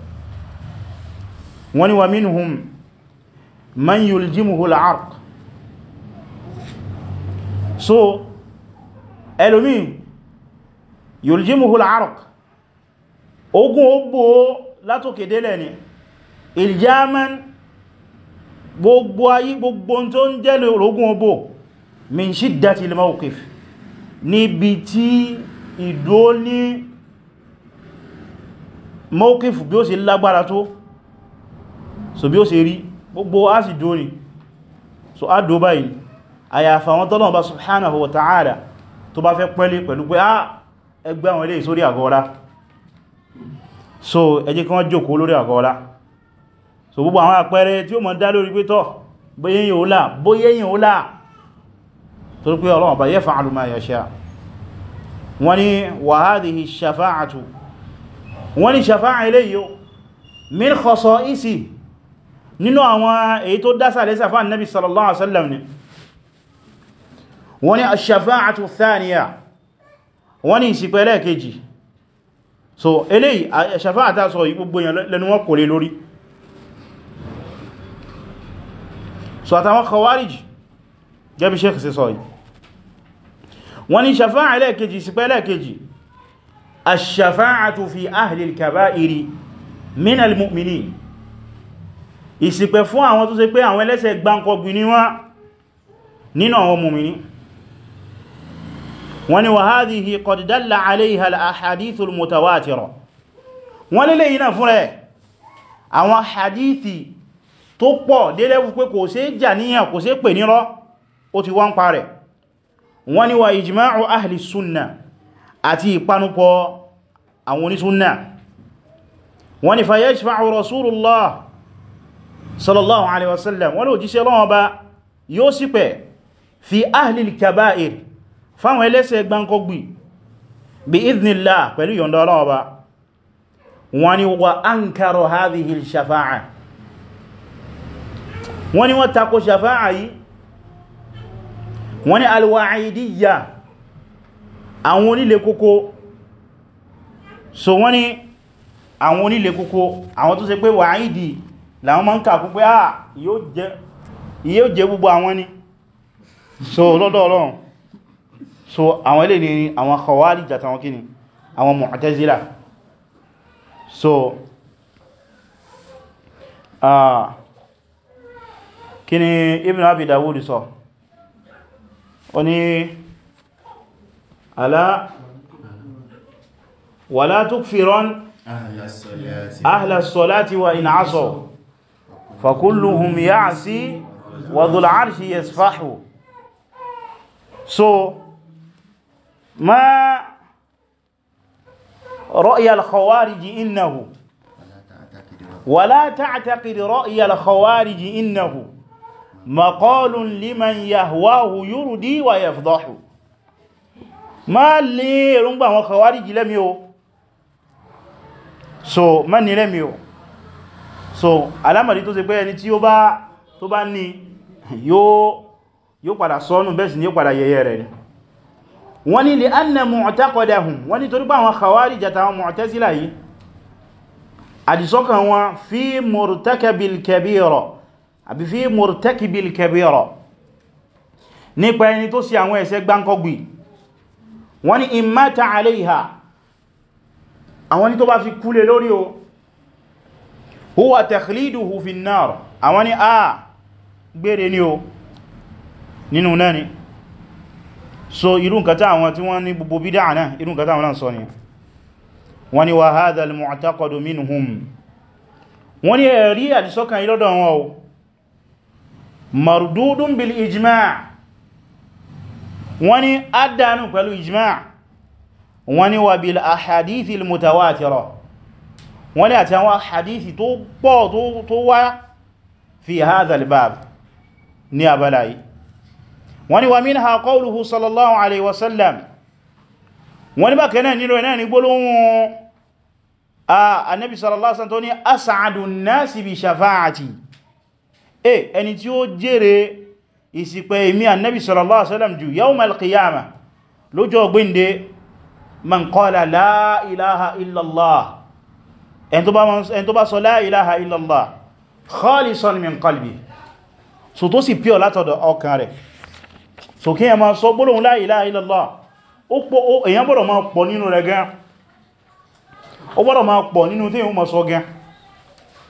wọ́n ní wà mínhùn man yuljimuhu al'arq so ẹlòmí yuljimuhu al'arq ogun ó bò látòkè délẹ̀ ni iljaman gbogbo ayé gbogbo tó ń jẹ́ lógún obò min shiddati al-mawqif níbi tí ìdó ní mawqif bí ó ṣe lágbára tó so bí ó ṣe rí gbogbo a sì dóni so a dó báyìí àyàfà wọn tọ́lọ̀ bá subhanahu wa ta'ala tó bá fẹ́ pẹ́lẹ̀ pẹ̀lú pé a ah, ẹgbẹ́ àwọn ilé sórí àgọ́ọ́lá so ẹjẹ́ kí wọ́n jókòó lórí àgọ́ọ́lá so gbogbo àwọn àpẹẹrẹ tí ó mọ̀ dá lórí pé tọ́ bóyẹ́yìn òlà bóyẹ́yìn nínú àwọn èyí tó dásà lẹ́sà fún annabi sallallahu alaihi wasallam ni wọ́n ni ash-shafa'atu thaniya wọ́n ni ìsìpẹ̀lẹ̀ kejì so eléyìí ash-shafa'ata sọ ìgbogbo èyàn lẹ́nu wọ́n kò lórí so àtàwọn khawarij gẹ́bí sheikh sí sọ yìí wọ́n ni shafa'alẹ̀ kejì ìsìpẹ̀lẹ̀ kejì ash-shafa'atu fi ìṣìpẹ̀ fún àwọn tó ṣe pé àwọn ẹlẹ́ṣẹ̀ gbáǹkọ̀gbì ní wọ́n nínú àwọn mùmìní wọ́n ni wa hadhihi qad dalla alayha al-ahadithu al-mutawatira wọ́n lélẹ̀ yìí náà fún rẹ̀ àwọn hadithi tó pọ̀ délẹ́wù pé kò ṣe jà níyàn kò ṣe pè ni sunna àti ìpanupọ̀ rasulullah sallallahu alaihi wasallam wọ́n ló jíṣẹ́ lọ́wọ́ bá yóò sì pẹ̀ fi ahlil kaba'ir fáwọn ẹlẹ́sẹ̀ gbáǹkọ́gbì bí idhnillah pẹ̀lú yọ̀ndọ̀ lọ́wọ́ bá wọ́n ni wà ankaru hadhihi shafa'a wọ́n ni wọ́n tako shafa'a yìí wọ́n ni alwa'idiyya àwọn onílé kókó so wọ́n ni àwọn onílé kókó àwọn tó ṣe pé wa'idi láwọn ma ń kàkún pé àà ah, yíó jẹ gbogbo àwọn ni so lọ́dọ̀ ọlọ́run so àwọn ilé ni àwọn Khawarij àtàwọn kíni àwọn Mu'tazila so kíni Ibn Abi Dawud sọ ó ní alá wala tukfiran ahla as-salati wa in فكلهم يعسي وذو العرش يسفح so ما رأي الخوارج إنه ولا تعتقد رأي الخوارج إنه مقال لمن يهواه يردي ويفضح ما لي رنبا وخوارج لم يو so ما ني لم يو so alámọ̀dí tó ṣe pé ẹni tí ó bá tó bá ní yóò padà sọ́nù bẹ́ẹ̀ sì ni yóò padà yẹyẹ rẹ̀ wọ́n ní lè anna mu'taqadahum wọ́n ní torípa àwọn khawarij àtàwọn mu'tazila yìí àdìsọ́kàn wọn fi murtakabil kabira àbí fi murtakabil kabira nípa ẹni tó sí àwọn ẹ̀ṣẹ̀ gbáǹkọ́gbì wọ́n ní imata alaiha àwọn ni tó bá fi kúlé lórí o huwa takhliduhu fi an-nar àwọn ni a ah, gbére ní o nínú náà ni so irú nǹkan táwọn tí wọ́n ní gbogbo bídá náà irú nǹkan táwọn náà sọ ni wọ́n ni wa hadha al-mu'taqadu minhum wọ́n ni ẹ̀rí àdìsọ́kàn ilọ́dọ̀ wọn o mardudun bil ijma' wọ́n ni adánù pẹ̀lú ijma' wọ́n ni wa bil ahadithil mutawatira wọ́n ní àti àwọn hadithi tó pọ̀ tó wá fi hadha al-bab ní abala yìí wọ́n ní wa minha qawluhu sallallahu alaihi wasallam wọ́n ní bá kẹ́ náà nílò náà ní gbólóhùn annabi sallallahu alaihi wasallam tó ní as'adu an-nasi bi shafa'ati e ẹni tí ó jèrè ìṣìpẹ̀ èmi annabi sallallahu alaihi wasallam jù yawm al-qiyamah lọ́jọ́ gbinde man qala la ilaha illallah ẹn tó bá sọ la ilaha illallah khalisan min qalbi so tó sì pure látọ̀dọ̀ ọkàn rẹ̀ so kí ẹmà sọ gbólóhùn la ilaha illallah èyàn gbọ́dọ̀ máa pọ̀ nínú rẹ̀ gan ó gbọ́dọ̀ máa pọ̀ nínú tí èyàn máa sọ gan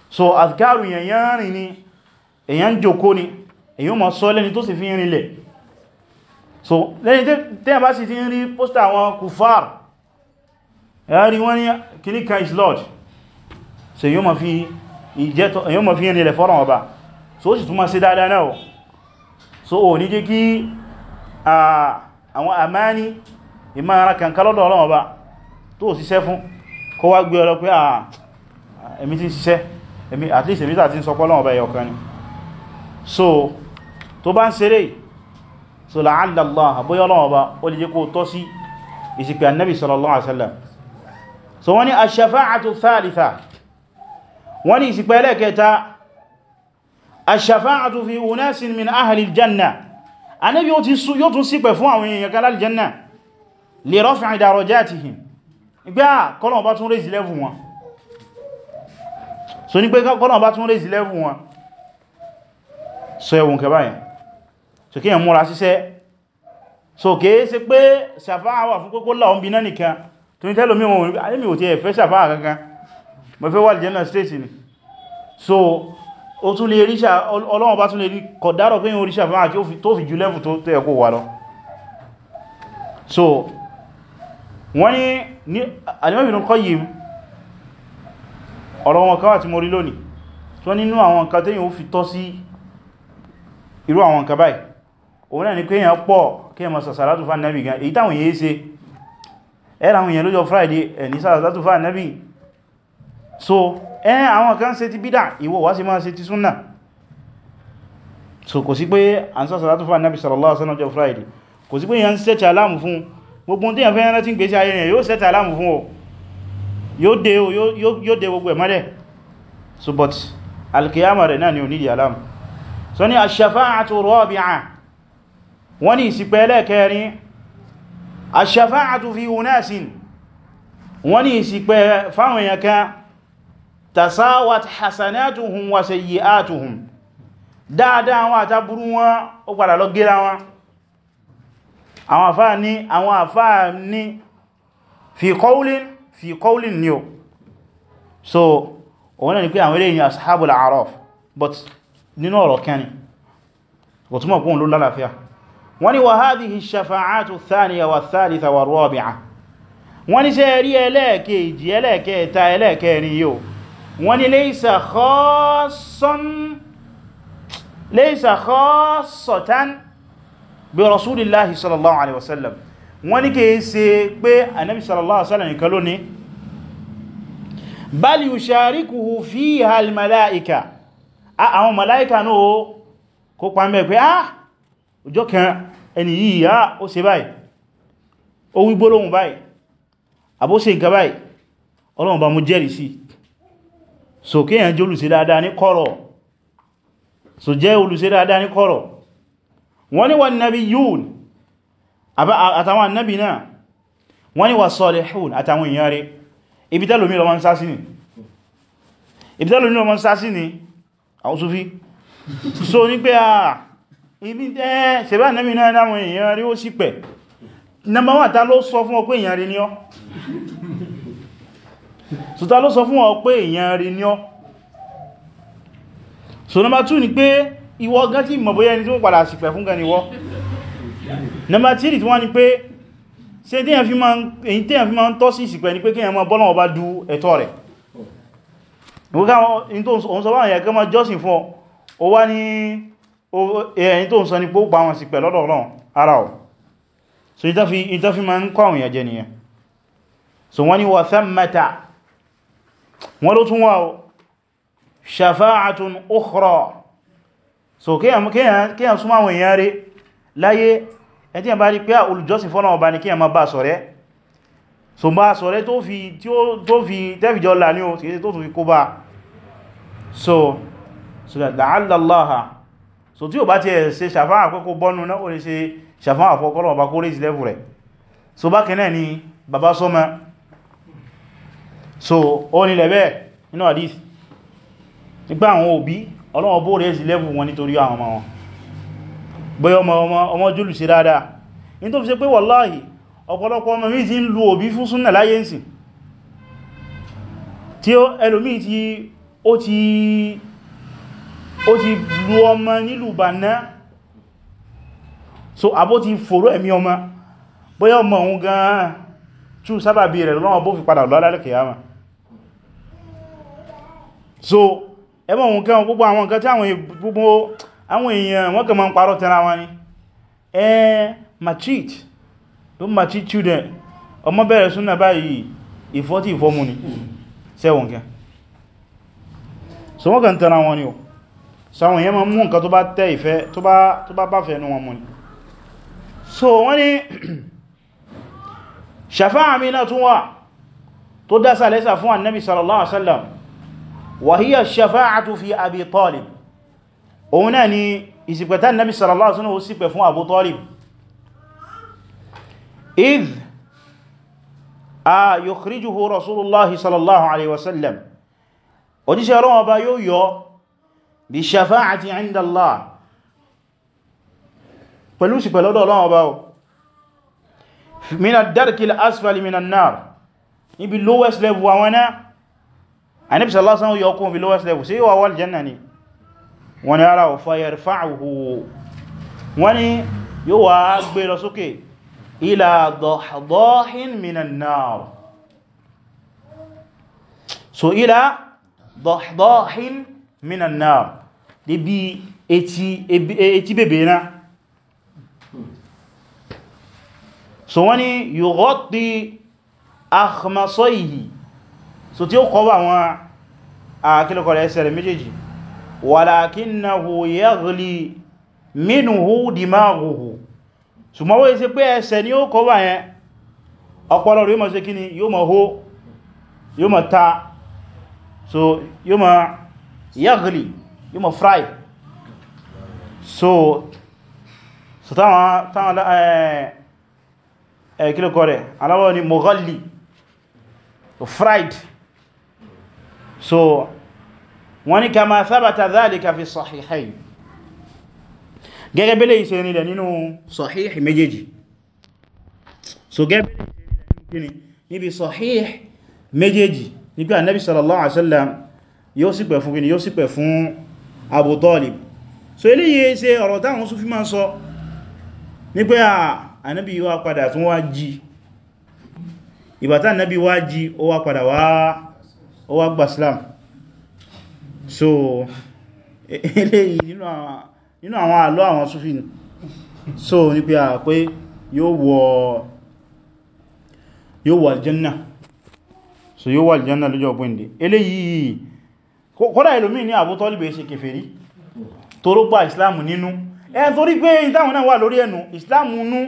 so azkaru èyàn rìn ni èyàn jòkó ni èyàn máa sọ lẹ́ni tó sì fi rinlẹ̀ so lẹ́ni tẹ́yàn bá sì so yíò ma fi ẹnilẹ̀ fọ́ràn ọba so ó sì túnmọ̀ sí dáadáa náà so o ní jẹ́ kí àwọn àmáni ìmá ara kankan lọ́dọ̀ ọlọ́run ọba tó ṣiṣẹ́ fún kó wá gbé ọlọ́ pé èmi ti ṣiṣẹ́ at least èmi tàti ń sọ pọ́lọ́run ọba ẹ̀yọkan ni so tó bá ń ṣeré so la'alla Allah bóyá ọlọ́run ọba ó lè jẹ́ kó tọ́ sí ìsìnkú annabi sallallahu alaihi wasallam so wọ́n ash-shafa'atu thalitha wọ́n ní ìsìpẹ́ ẹlẹ́kẹta ash-shafa'atu fi unasin min ahli al-janna Ànábì yóò tún sípẹ̀ fún àwọn èèyàn kan lálìjanna li raf'i darajatihim ìgbà kọ́lọ̀ bá tún raise level wọn so ní pé kọ́lọ̀ bá tún raise level wọn so ẹwùn kẹba yẹn so kí yẹn mo fẹ́ wà aljanna straight ni so o tún lè ríṣà ọlọ́wọ́n bá tún lè rí kọ̀dárọ̀ fẹ́yìn oríṣà fún àti tó fi jù lẹ́fù tó tẹ́ ẹ̀kọ́ wà lọ so wọ́n ni Al-Imam Ibn Qayyim ọ̀rọ̀ wọn káwà tí mo rí lónìí tó nínú àwọn nǹkan tẹ́yìn ó fi tọ́ sí irú àwọn nǹkan báyìí òun náà ni pé èyàn pọ̀ kí ẹ ma sàsàlátù fún Ànábì gan èyí táwọn èyí ṣe ẹ́ra àwọn so ẹ àwọn kan ṣe ti bídà ìwọ wá sí máa ṣe ti súnnà so kò sí pé à ń sọ́sọ̀ látún fún Ànábì sallallahu alaihi wasallam jọ Friday kò sí pé yẹn ń sẹ́tì aláàmù fún gbogbo tí yẹn fẹ́ rántí gbèsè ayé yẹn yóò sẹ́tì aláàmù fún o yóò dé gbogbo ẹ̀ mọ́lẹ̀ so wọ́n ni ìsìpẹ́lẹ̀ fáwọn èèyàn kan tasawat hasanatuhum wa sayyi'atuhum dáadáa wọn àtàbúrú wọn ó padà lọ gíra wọn àwọn àfáà ní àwọn àfáà ní fi qawlin fi qawlin ni so òun náà ni pé àwọn eléyìn ashabul a'raf but nínú ọ̀rọ̀ kẹni kò túnmọ̀ pún ló lálàáfíà wọ́n ni wa hadhihi shafa'atu thaniya wa thalitha wa rabi'a wọ́n ni sẹ́ rí ẹlẹ́ẹ̀kejì ẹlẹ́ẹ̀kẹta ẹlẹ́ẹ̀kẹrin yóò wọ́n ni laysa khassan laysa khassatan bi rasulillahi sallallahu alaihi wasallam wọ́n ni kìí ṣe pé anabi sallallahu alaihi wasallam nìkan ló ní bal yusharikuhu fiha al mala'ika àwọn mala'ika náà kó pa mẹ́ pé ah ọjọ́ kan ẹni yìí ah ó ṣe báyìí ó wí gbólóhùn báyìí so kéèyàn jẹ́ olùṣe dáadáa ní kọ̀rọ̀ so jẹ́ olùṣe dáadáa ní kọ̀rọ̀ wọ́n ni wà nàbí yún àtàwọn nàbí náà wọ́n ni wà salihun àtàwọn èèyàn rẹ̀ ibi tẹ́lómi lọ wọ́n sásí ni ibi tẹ́lómi lọ wọ́n sásí ni àwọn sufi so ní ah, ni ọ sọta ló sọ fún ọ pé èyàn rí ní ọ so number 2 ni pé ìwọ gan tí mọ̀ bóyá ẹni tí wọ́n padà sípẹ̀ fún gan ìwọ number 3 tí wọ́n ni pé ṣe tí èyàn fi máa ń tọ́ sí ìsìpẹ̀ ni pé kí èyàn máa bọ́lọ̀ ọba du ẹ̀tọ́ rẹ̀ ìwọ́n tó ń sọ báwọn èyàn kẹ́ máa jọ́sìn fún ọ wá ní èyàn tó ń sọ ní pé ó pa àwọn ìsìpẹ̀ lọ́dọ̀ Ọlọ́run ara ọ̀ so ìtọ́fí máa ń kọ́ àwọn èyàn jẹ nìyẹn wọ́n ló tún wá o shafa'atun ukhra so kíyàn súnmọ́ àwọn èèyàn rẹ̀ láyé ẹ̀tí ẹ̀bá rí pé olùjọ́sìn fọ́nà ọba ní kíyàn má bá sọ̀rẹ́ so bá sọ̀rẹ́ tó fi tẹ́fìjọ́ là ní o tí tó tún fi kó bá so so that la'allallaha so tí o bá ti ẹ̀ ṣe ṣàfáà so bákan náà so ó nílẹ̀ bẹ́ẹ̀ nínú hadith nígbà àwọn òbí ọlọ́wọ́ bó rẹ̀ ìsìlẹ́bù wọn nítorí àwọn ọmọ wọn bóyá ọmọ ọmọ jùlù sí dáadáa ní tó fi ṣe pé wàláhì ọ̀pọ̀lọpọ̀ ọmọ mi ti ń lu òbí fún súnnà láyé ń sìn tí ó ẹlòmí tí ó ti ó ti lu ọmọ nílùú bàná so àbó ti fòró ẹ̀mí ọmọ bóyá ọmọ òun gan-an tú sábàbí rẹ̀ lọ́wọ́ bó fi padà lọ́lá lẹ́kẹ̀ẹ́ so ẹmọ ohun kẹwọn gbogbo àwọn nǹkan tí àwọn gbogbo àwọn èèyàn wọ́n kàn máa ń parọ́ tẹ́ra wọn ni ẹ machit don machit children ọmọ bẹ̀rẹ̀ súnà báyìí ìfọ́tí ìfọ́mù ni sẹ́wọ̀n kẹ so wọ́n kàn tẹ́ra wọn ni o sáwọn èèyàn máa mú nǹkan tó bá tẹ́ ìfẹ́ tó bá bá fẹ́ nú wọn mú ni so wọ́n ni ṣàfáà mi náà tún wà tó dásà lẹ́sà fún annabi sallallahu alaihi wasallam wàhíyà shafa'atu fi abi talib òun náà ni ìsìpẹ̀tà nabi sallallahu alaihi wasallam ó ṣìpẹ̀ fún abu talib idh a yukhrijuhu rasulullahi sallallahu alaihi wasallam òjíṣẹ́ ọlọ́wọ́ bá yóò yọ bí shafa'ati inda Allah pẹ̀lú ṣìpẹ̀ lọ́dọ̀ ọlọ́wọ́ bá min ad-darki al-asfali min an-nar níbi lowest level àwọn náà anabi sallallahu alaihi wasallam yọkún bí lowest level sí yíwa wal janna ni wọ́n ni ara ọ̀fà yarfa'uhu wọ́n ni yóò wá gbé lọ sókè ila dahdahin minan nar so ila dahdahin minan nar dé bí etí bèbè náà so wọ́n ni yughatti akhmasayhi so tí ó kọ́wọ́ àwọn àkílọ́kọ̀ rẹ̀ ẹsẹ̀ rẹ̀ méjèèjì walakinnahu yaghli minhu dimaghuhu ṣùgbọ́n ìṣe pé ẹsẹ̀ ni ó kọ́wọ́ yẹn ọpọlọ rẹ̀ yóò mọ̀ sí kíni yóò mọ̀ hó yóò mọ̀ ta so yóò mọ̀ yaghli yóò mọ̀ fry so so táwọn ẹ̀kílọ́kọ̀ rẹ̀ aláwọ̀ ni mughalli fried so wọ́n ní kama thabata dhalika fi sahihayn gẹ́gẹ́ bí lèyìn ṣe nílẹ̀ nínú sahihi méjèèjì so gẹ́gẹ́ bí lèyìn níbi sahihi méjèèjì níbi annabi sallallahu alaihi wasallam yóò sì pẹ̀ fún gini yóò sì pẹ̀ fún Abu Talib so eléyìí ṣe ọ̀rọ̀ táwọn Sufi ó wá gba Islam so eléyìí nínú àwọn àlọ́ àwọn Sufi ni so ní pé a pé yóò wọ aljanna so yóò wọ aljanna lọ́jọ́ ọgbẹ́ndì eléyìí kódà ìlòmí ní Abu Talib ṣe kèfèrí toró gba Islam nínú ẹn torí pé ìtàwọn náà wà lórí ẹnu Islam nú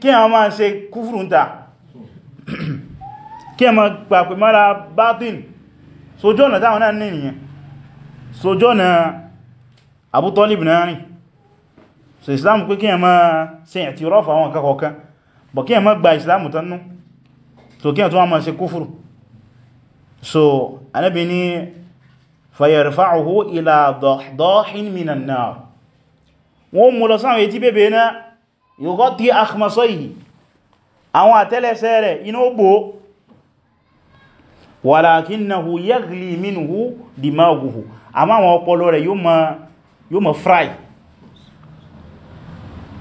kí àwọn máa ṣe kúfùrù kí ẹ ma pàpẹ mara batin sojú ọ̀nà táwọn náà ní nìyẹn sojú ọ̀nà Abu Talib náà rìn so Islam pé kí ẹ ma ṣe ẹ̀tì rọ́fà àwọn kakọ̀ọ̀kan bọ̀ kí ẹ ma gba Islam tannú so kí ẹ tó wọ́n ma ṣe kúfùrù so Ànábì ní fayarfa'uhu ila dahdahin minan àwọn àtẹ́lẹsẹ̀ rẹ̀ inú gbòó walakinnahu yaghli minhu dimaghuhu àmọ́ àwọn ọpọlọ rẹ̀ yóò mọ̀ fry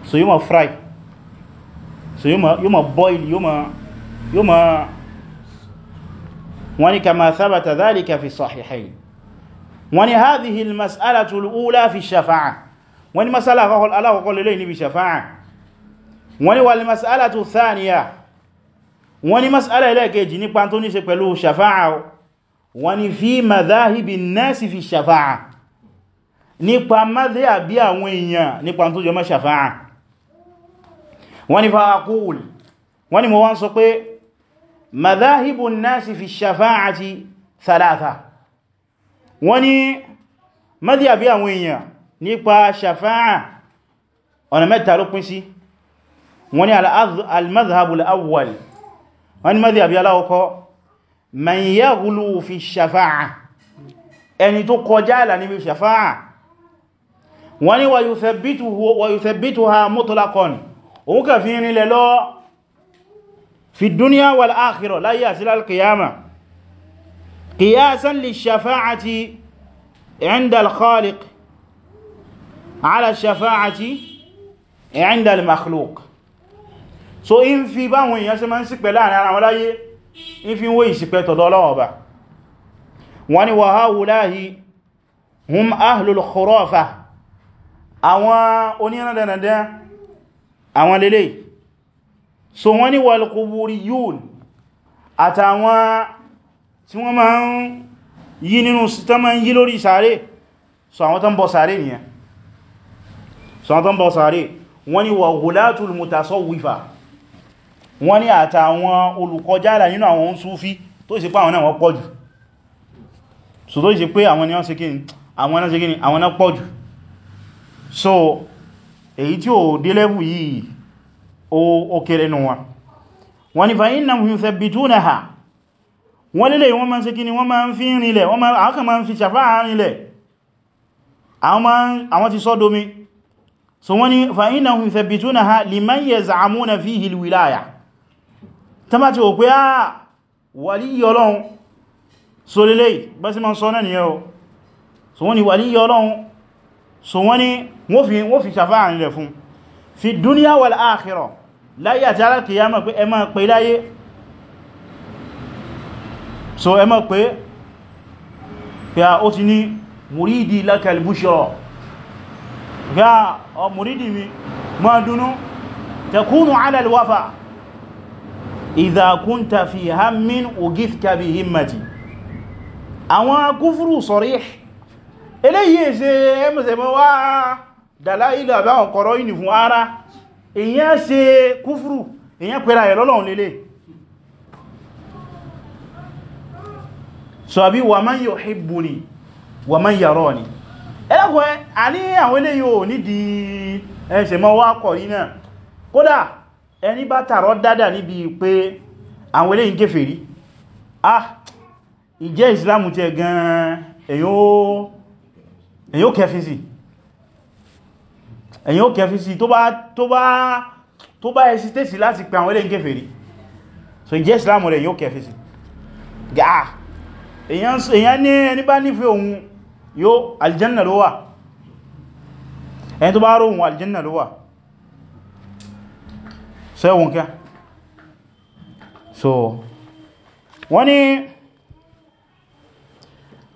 so yóò mọ̀ fry so yóò mọ̀ boil yóò mọ̀ wọ́n ní kama thabata dhalika fi sahihayn wọ́n ní hadhihi al-mas'alatu al-ula fi shafa'a wọ́n ní mas'ala alákọ̀ọ́kọ́ lélẹ́ níbi shafa'a wọ́n ní wal mas'alatu thaniya wọ́n ní mas'ala ẹlẹ́ẹ̀kejì nípa tó ní ṣe pẹ̀lú ṣàfáà wọ́n ní fi madhahibi nasi fi ṣàfáà nípa madhabi àwọn èèyàn nípa tó jọmọ́ ṣàfáà wọ́n ní fa'akúl wọ́n ní mo wọ́n sọ pé madhahibu nasi fi ṣàfáàti thalatha wọ́n ní madhabi àwọn èèyàn nípa ṣàfáà ọ̀nà mẹ́ta ló pín sí wọ́n ní al-madhhabul awwal wọ́n ni mọ́dí àbí aláwọ̀kọ́ man yaghlu fi shafa'a ẹni tó kọjá ìlà níbi shafa'a wọ́n ni wa ha mutlaqan òun kà fi rinlẹ̀ lọ fi dunya wal akhirah láyé àti lálkìyàmà qiyasan li shafa'ati inda al-khaliq ala shafa'ati inda al-makhluq so in fi báwọn èèyàn ṣe máa ń ṣìpẹ̀ láàrin ara wọn láyé in fi ń wé ìṣìpẹ̀ tọ̀dọ̀ Ọlọ́run Ọba wọ́n ni wa haulahi hum ahlul khurafa àwọn onírànlẹ́nàdẹ́ àwọn lélẹ̀ so wọ́n ni wal quburiyun àtàwọn tí wọ́n máa ń yí nínú sítọ́ máa ń yí lórí sàárè so àwọn tó ń so àwọn tó ń bọ sàárè wọ́n ni wa ghulatul mutasawwifa wọ́n ní àtàwọn olùkọjáàlà nínú àwọn Súfí tó ṣe pé àwọn náà wọ́n pọ̀jù so tó ṣe pé àwọn náà ṣe àwọn náà ṣe àwọn náà pọ̀jù so èyí tí ó dé level yìí ó kéré nù wọn wọ́n ní fàyín náà yóò fẹ́ bí tó náà ha wọ́n lélẹ̀ wọ́n máa ń ṣe kíni wọ́n máa ń fi rinlẹ̀ tó má ti wò pé àà ah, wàlíyí ọlọ́run so lélẹ̀ bá sí ma ń sọ náà nìyẹn o so wọ́n ni wàlíyí ọlọ́run so wọ́n ni wọ́n fi ṣàfáà nílẹ̀ fún fi dúníà wà láàkírọ̀ láyé àti alákìyàmọ̀ pé ẹ máa pè láyé so ẹ máa idha kunta fi hammin ugithka bi himmati àwọn kúfúrù sarih eléyìí ṣe ẹmọ̀sẹ̀mọ̀ wá dàláìlà àbáwọn kọ̀rọ̀ yìí fún ara èyàn ṣe kúfúrù èyàn pẹ̀lá ẹ̀ lọ́lọ́run lélẹ̀ so àbí wa man yuhibbuni wa man yarani ẹlẹ́kùn ẹ̀ àní àwọn eléyìí ò nídìí ẹni bá tààrọ dádà níbi pé àwọn eléyìn kèfèrí ah ìjẹ́ ìsìlámù tẹ gan èyàn ó kẹfí sí èyàn ó kẹfí sí tó bá tó ẹsítẹ́sì láti pẹ àwọn eléyìn kèfèrí so ìjẹ́ ìsìlámù rẹ̀ èyàn ó kẹfí sí gáà èyàn ní ẹni bá nífẹ́ òun yóò aljanna ló wà sẹ́wọ̀n kẹ́ so wọ́n ni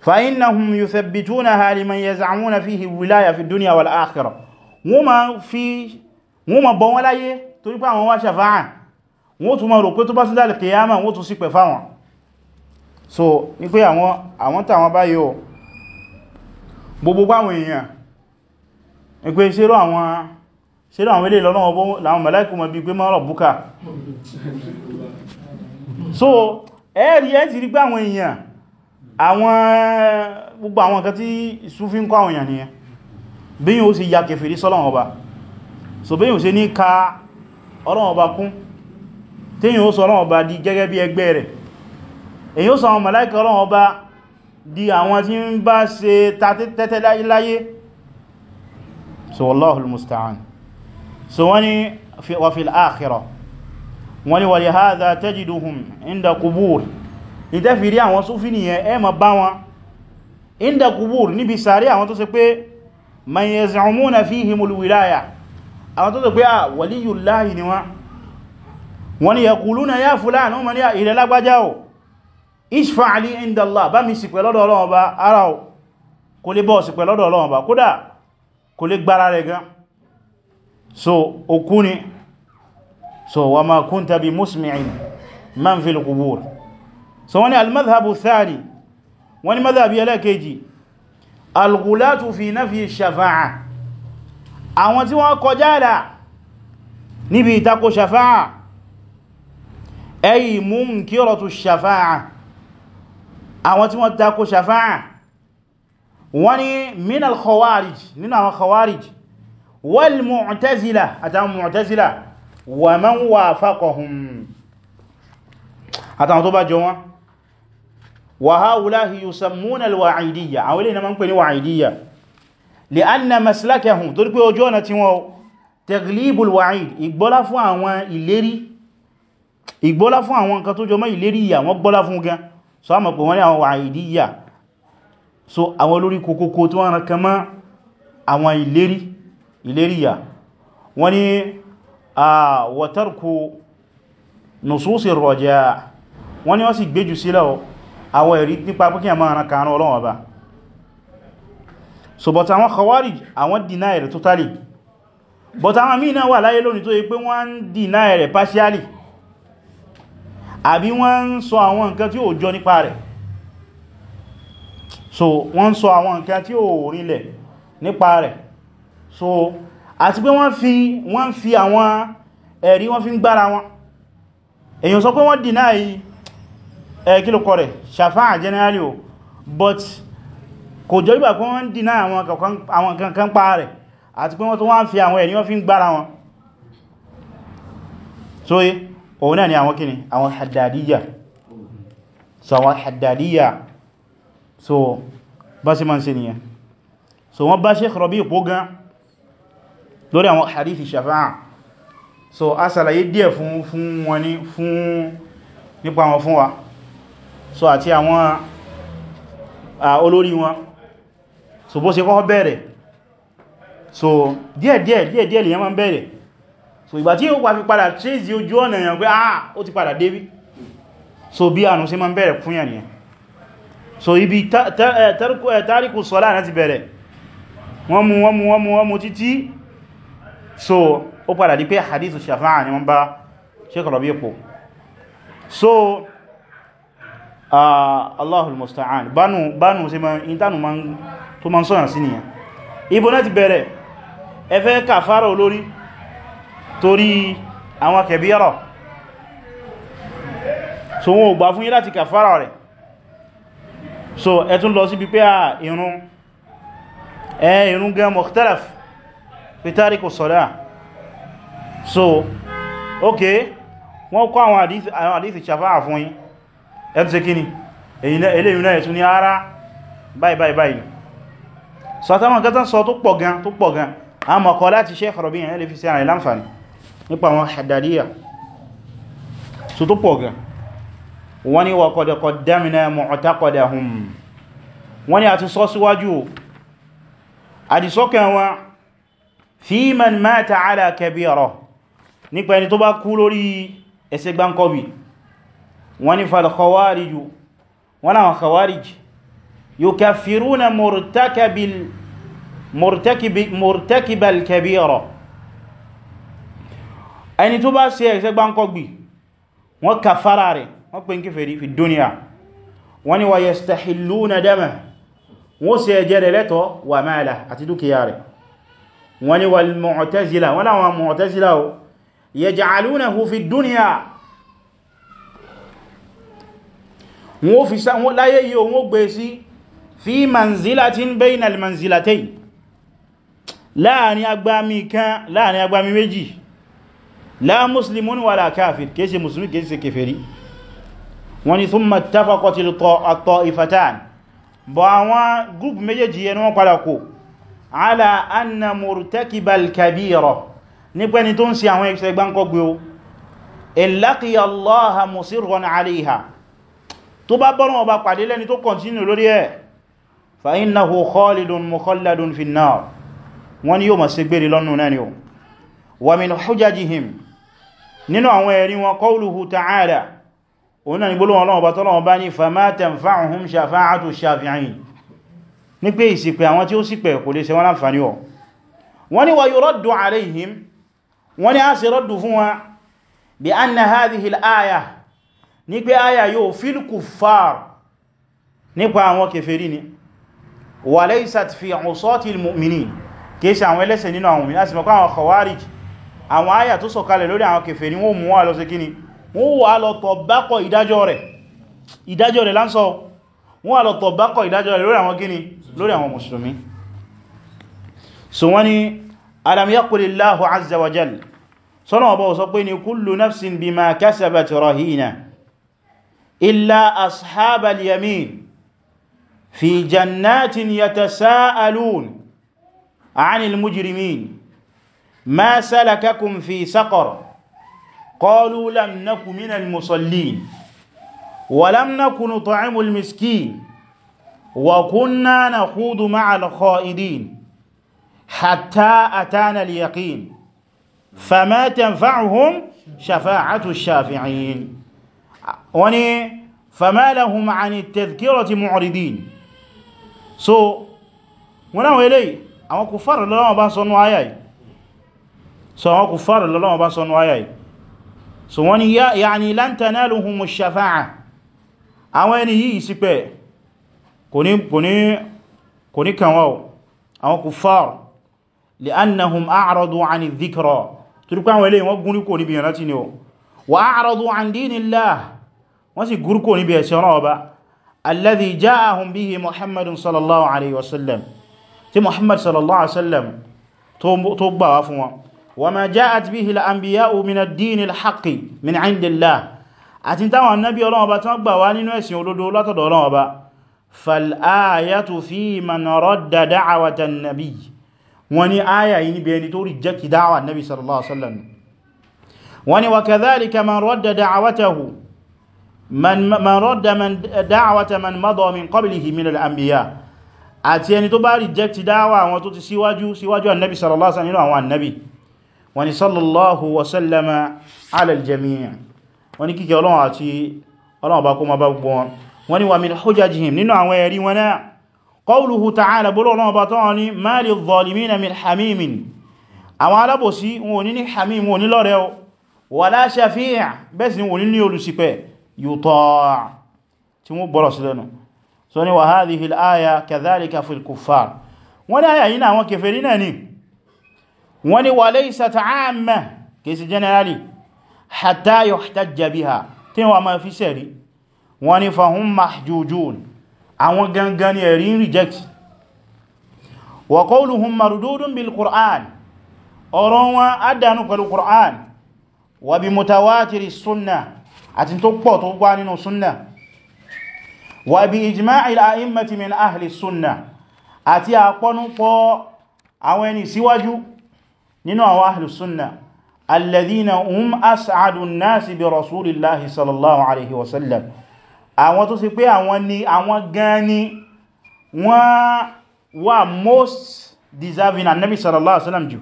fa'inahum yuthabbitunaha liman yaz'amuna fihi wilaya fi duniya wal akhirah wọ́n ma fi wọ́n ma bọ̀ wọ́n láyé torí pé àwọn wá ṣàfáà wọ́n tún ma rò pé tó bá sí kìyàmà wọ́n tún sí pẹ̀ fáwọn so ní pé àwọn tàwọn bá yóò gbogbo àwọn èèyàn ní pé ṣéró àwọn ṣe láwọn ilé lọ́nà ọbọ́ láwọn mẹ́láìkù mọ̀ bí gbé mọ́ búkà so ẹ̀rí ẹ̀ ti rí gbá àwọn èèyàn àwọn gbogbo àwọn kan tí Súfí ń kọ́ àwọn èèyàn nìyẹn bí yíò sì ya kèfèrí sọ́lọ́wọ́n ọba so bí yíò sì ní ka ọlọ́wọ́n ọba kún tí yíò sọ ọlọ́wọ́n ọba di gẹ́gẹ́ bí ẹgbẹ́ rẹ̀ èyí ó sọ àwọn mẹ́láìkù ọlọ́wọ́n ọba di tí ń bá ṣe tẹ́tẹ́ láyé so Allahul musta'an so wọ́n ni wa fil akhirah wọ́n ni wa lihadha tajiduhum inda qubur ní tẹ́fì rí àwọn súfí nìyẹn ẹ ma bá wọn inda qubur níbi sàárì àwọn tó ṣe pé man yaz'umuna fihimul wilaya àwọn tó ṣe pé a waliyullahi ni wọ́n wọ́n ni yaquluna ya fulan wọ́n ni ilẹ̀ lágbájá o ishfa' li inda Allah bá mi sì lọ́dọ̀ Ọlọ́run ba ara o kò lè bọ́ sì lọ́dọ̀ Ọlọ́run ba kódà kò lè gbára rẹ̀ gan so òkú ni so wa ma kunta bi musmi'in man fil qubur so wani al-madhhabu thani wani madhhabi ẹlẹ́kejì al-ghulatu fi nafyi shafa'a àwọn tí wọ́n kọjá là níbi ìtakò shafa'a ay munkiratu shafa'a àwọn tí wọ́n takò shafa'a wani min al-khawarij nínú àwọn khawarij wal mu'tazila àtàwọn mu'tazila wa man wafaqahum àtàwọn tó bá jọ wọn wa haulahi yusammuna alwa'idiyya àwọn ilé na ma ń pè ní wa'idiyya li'anna maslakahum tó dípé ojú ọ̀nà tí wọ́n taglibul wa'id ìgbọ́lá fún àwọn ìlérí ìgbọ́lá fún àwọn nǹkan tó jọ mọ́ ìlérí ìyà wọ́n gbọ́lá fún gan so a mọ̀ pé wọ́n ní àwọn wa'idiyya so àwọn olórí kokoko tó wọ́n rán kan mọ́ àwọn ìlérí ìléríyà wọ́n ni a wọ́tárkù nùsúsì rọ̀já wọ́n ni wọ́n sì gbéjù sílẹ̀ àwọn ẹ̀rí nípa pé kí a máa so but àwọn khawarij àwọn deny rẹ̀ totally but àwọn míì náà wà láyé lónìí tó yí pé wọ́n ń deny rẹ̀ partially àbí wọ́n ń sọ àwọn nǹkan tí ó jọ so wọ́n ń sọ àwọn nǹkan tí ó so àti pé wọ́n fi wọ́n fi àwọn ẹ̀rí wọ́n fi ń gbára wọn èyàn sọ pé wọ́n deny ẹ̀kílùkọ rẹ̀ ṣàfáà generally o but kò jọ ìgbà pé wọ́n deny àwọn kankan pa rẹ̀ àti pé wọ́n tó wọ́n fi àwọn ẹ̀rí wọ́n fi ń gbára wọn so òun náà ni àwọn kíni àwọn haddadiyya so àwọn haddadiyya so bá sí ma ń ṣe nìyẹn so wọ́n bá Sheikh Rabi' pọ̀ lórí àwọn hadithi shafa'a so a sàlàyé díẹ̀ fún fún wọn fún nípa wọn fún wa so àti àwọn olórí wọn so bó ṣe kọ́kọ́ bẹ̀rẹ̀ so díẹ̀ díẹ̀ díẹ̀ díẹ̀ lè yẹn máa bẹ̀rẹ̀ so ìgbà tí ó pa fi padà trézi ojú ọ̀nà èèyàn pé ah ó ti padà débí so bí ànù ṣe máa bẹ̀rẹ̀ fún yàn so ibi tariku sọ́lá náà ti bẹ̀rẹ̀ wọ́n mú wọ́n mú wọ́n mú títí so ó padà di pé hadithu shafa'a ni wọ́n bá Shaykh Rabi' so Allahul musta'an bánu bánu sí ma ìtànù tó ma ń sọ́yàn sí nìyàn ibo náà ti bẹ̀rẹ̀ ẹfẹ́ kàfàrà olórí torí àwọn kẹbíyàrọ̀ so wọn ò gbà fún yí láti kàfàrà rẹ̀ so ẹtún lọ sí bí pé à irun ẹ irun gan mukhtalaf fi tariku salah so ok wọ́n kọ́ àwọn àdífì ṣàfáà fún yín ẹ̀tùsẹ̀ kíni eléyìn náà ẹ̀tún ní ara báyìí báyìí báyìí so àtàwọn kẹta sọ tó pọ̀ gan tó pọ̀ gan a mọ̀ kọ́ láti Sheikh Rabi' yẹn lè fi sí àrìn láǹfàní nípa àwọn Haddadiyya so tó pọ̀ gan wọ́n ni wa qad qaddamna mu'taqadahum wọ́n ni a ti sọ síwájú àdìsọ́kẹ̀ wọn fi man mata ala kabira nípa ẹni tó bá kú lórí ẹ̀ṣẹ̀ gbáǹkọ́bì wọ́n ni fal khawariju wọ́n náà khawarij yukaffiruna murtakabil murtakibal kabira ẹni tó bá ṣe ẹ̀ṣẹ̀ gbáǹkọ́bì wọ́n kàfàrà rẹ̀ wọ́n pè ń kèfèrí fi dúnìyà wọ́n ni wa yastahilluna dama wọ́n ṣe ẹ̀jẹ̀ rẹ̀ lẹ́tọ̀ wa mala àti dúkìyà rẹ̀ wọ́n ni wal mu'tazila wọ́n láwọn mu'tazila o yaj'alunahu fi dunya wọ́n fi láyé yíò wọ́n gbé sí fi manzilatin bayna al-manzilatayn láàrin agbami kan láàrin agbami méjì la muslimun wala kafir kéèsì musulmi kéèsì kèfèrí wọ́n ni thumma ittafaqatil ta'ifatan bọ̀ àwọn gúrùpù méjèèjì ẹni wọ́n padà kò ala anna murtakibal kabira nípa ẹni tó ń ṣe àwọn ẹ̀ṣẹ̀ gbáǹkọ́gbé o ìlàkìyà allaha musirran alaiha tó bá bọ́rún ọba pàdé lẹ́ni tó kọ̀ntínú lórí ẹ̀ fa innahu khalidun mukhalladun fin nar wọ́n ni yóò máa ṣe gbére lọ́nà náà ni o wa min hujajihim nínú àwọn ẹ̀rí wọn qawluhu ta'ala òun náà ni gbólóhùn ọlọ́wọ́ bá tọ́lọ́wọ́ bá ní famā tanfa'uhum shafa'atu shafi'in ní pé ìsìpẹ̀ àwọn tí ó ṣìpẹ̀ kò lè ṣe wọ́n láǹfàní ọ̀ wọ́n ni wa yuraddu alayhim wọ́n ni a ṣe rọ́dù fún wọn bí anna hadhihi al-aya ní pé aya yóò fil kuffar nípa àwọn kèfèrí ni wa laysat fi usati al-mu'minin kìí ṣe àwọn ẹlẹ́ṣẹ̀ nínú àwọn mìíràn lórí àwọn musulmi so wọ́n ni alam láhù azza wa jal sọ́nà ọba sọ pé ni kullu nafsin bí bima kasabat rahina illa ashabal yamin fi jannatin yatasaalun anil mujrimin ma salakakum fi saqar qalu lam naku minal musallin ولم نكن ta'imul miskin وكنا نخوض مع الخائدين حتى أتانا اليقين فما تنفعهم شفاعة الشافعين وني فما لهم عن التذكرة معرضين so wọ́n àwọn eléyìí àwọn kùfàrù lọ́lọ́wọ́ bá sọ́nú ayá yìí so àwọn kùfàrù lọ́lọ́wọ́ bá ni yá ni lan shafa'a àwọn ẹni yìí ìsìpẹ̀ kò ní kàn wọ́n àwọn kuffar li'annahum a'radu 'ani dhikra torípé àwọn eléyìí wọ́n gúnrí kò níbi ìrántí ni ó wa a'radu 'an dinillah wọ́n sì gúrú kò níbi ẹ̀sẹ̀ ọ̀rọ̀ ọba alladhi ja'ahum bihi muhammadun sallallahu alaihi wasallam tí muhammad sallallahu alaihi wasallam tó gbà wá fún wọn wa ma ja'at bihi al-anbiya'u min ad-din al-haqqi min 'indillah àti فالآية في من رد دعوة النبي وني آية يعني بين توري جك دعوة النبي صلى الله عليه وسلم وني وكذلك من رد دعوته من, من رد من دعوة من مضى من قبله من الأنبياء àti ẹni tó bá reject dáwà àwọn tó ti síwájú síwájú annabi sallallahu alaihi wasallam annabi wani sallallahu wasallama ala al-jami' wani kíkẹ́ ọlọ́run àti wọ́n ni wà min hujjajihim nínú àwọn ẹ̀rí wọn náà qawluhu ta'ala bọ́lọ́rọ̀ ọba tán ni ma li zalimina min hamimin àwọn alábòsí wọn ò ní ní hamim wọn ò ní lọ́rẹ́ wala shafi'a bẹ́ẹ̀ sì wọn ò ní wọ́n ni wa wọ́n ni àyà yìí náà àwọn tí wọ́n ma fi sẹ́rí wọ́n ní fahun mahjujun àwọn gangan ni ẹ̀rin reject wa qawluhum marududun bil qur'an ọ̀rọ̀ wọn adánú pẹ̀lú qur'an wa bi mutawatiri sunna àti tó pọ̀ tó gbá nínú sunna wa bi ijma'i al-a'immati min ahli sunna àwọn tó sì pé àwọn ni àwọn gan ni wọ́n wà most deserving annabi sallallahu alaihi wasallam jù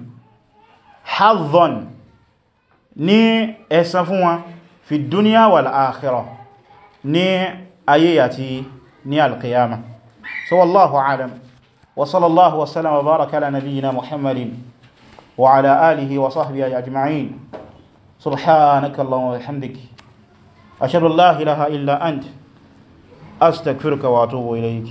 hadhon ní ẹ̀san fún wọn fi duniya wal akhirah ní ayé àti ní alqiyama so wallahu alam wa sallallahu wasallam wa baraka ala nabiyyina muhammadin wa ala alihi wa sahbihi ajma'in subhanaka allahumma wa bihamdika ashhadu an la ilaha illa anta astaghfiruka wa atubu ilayk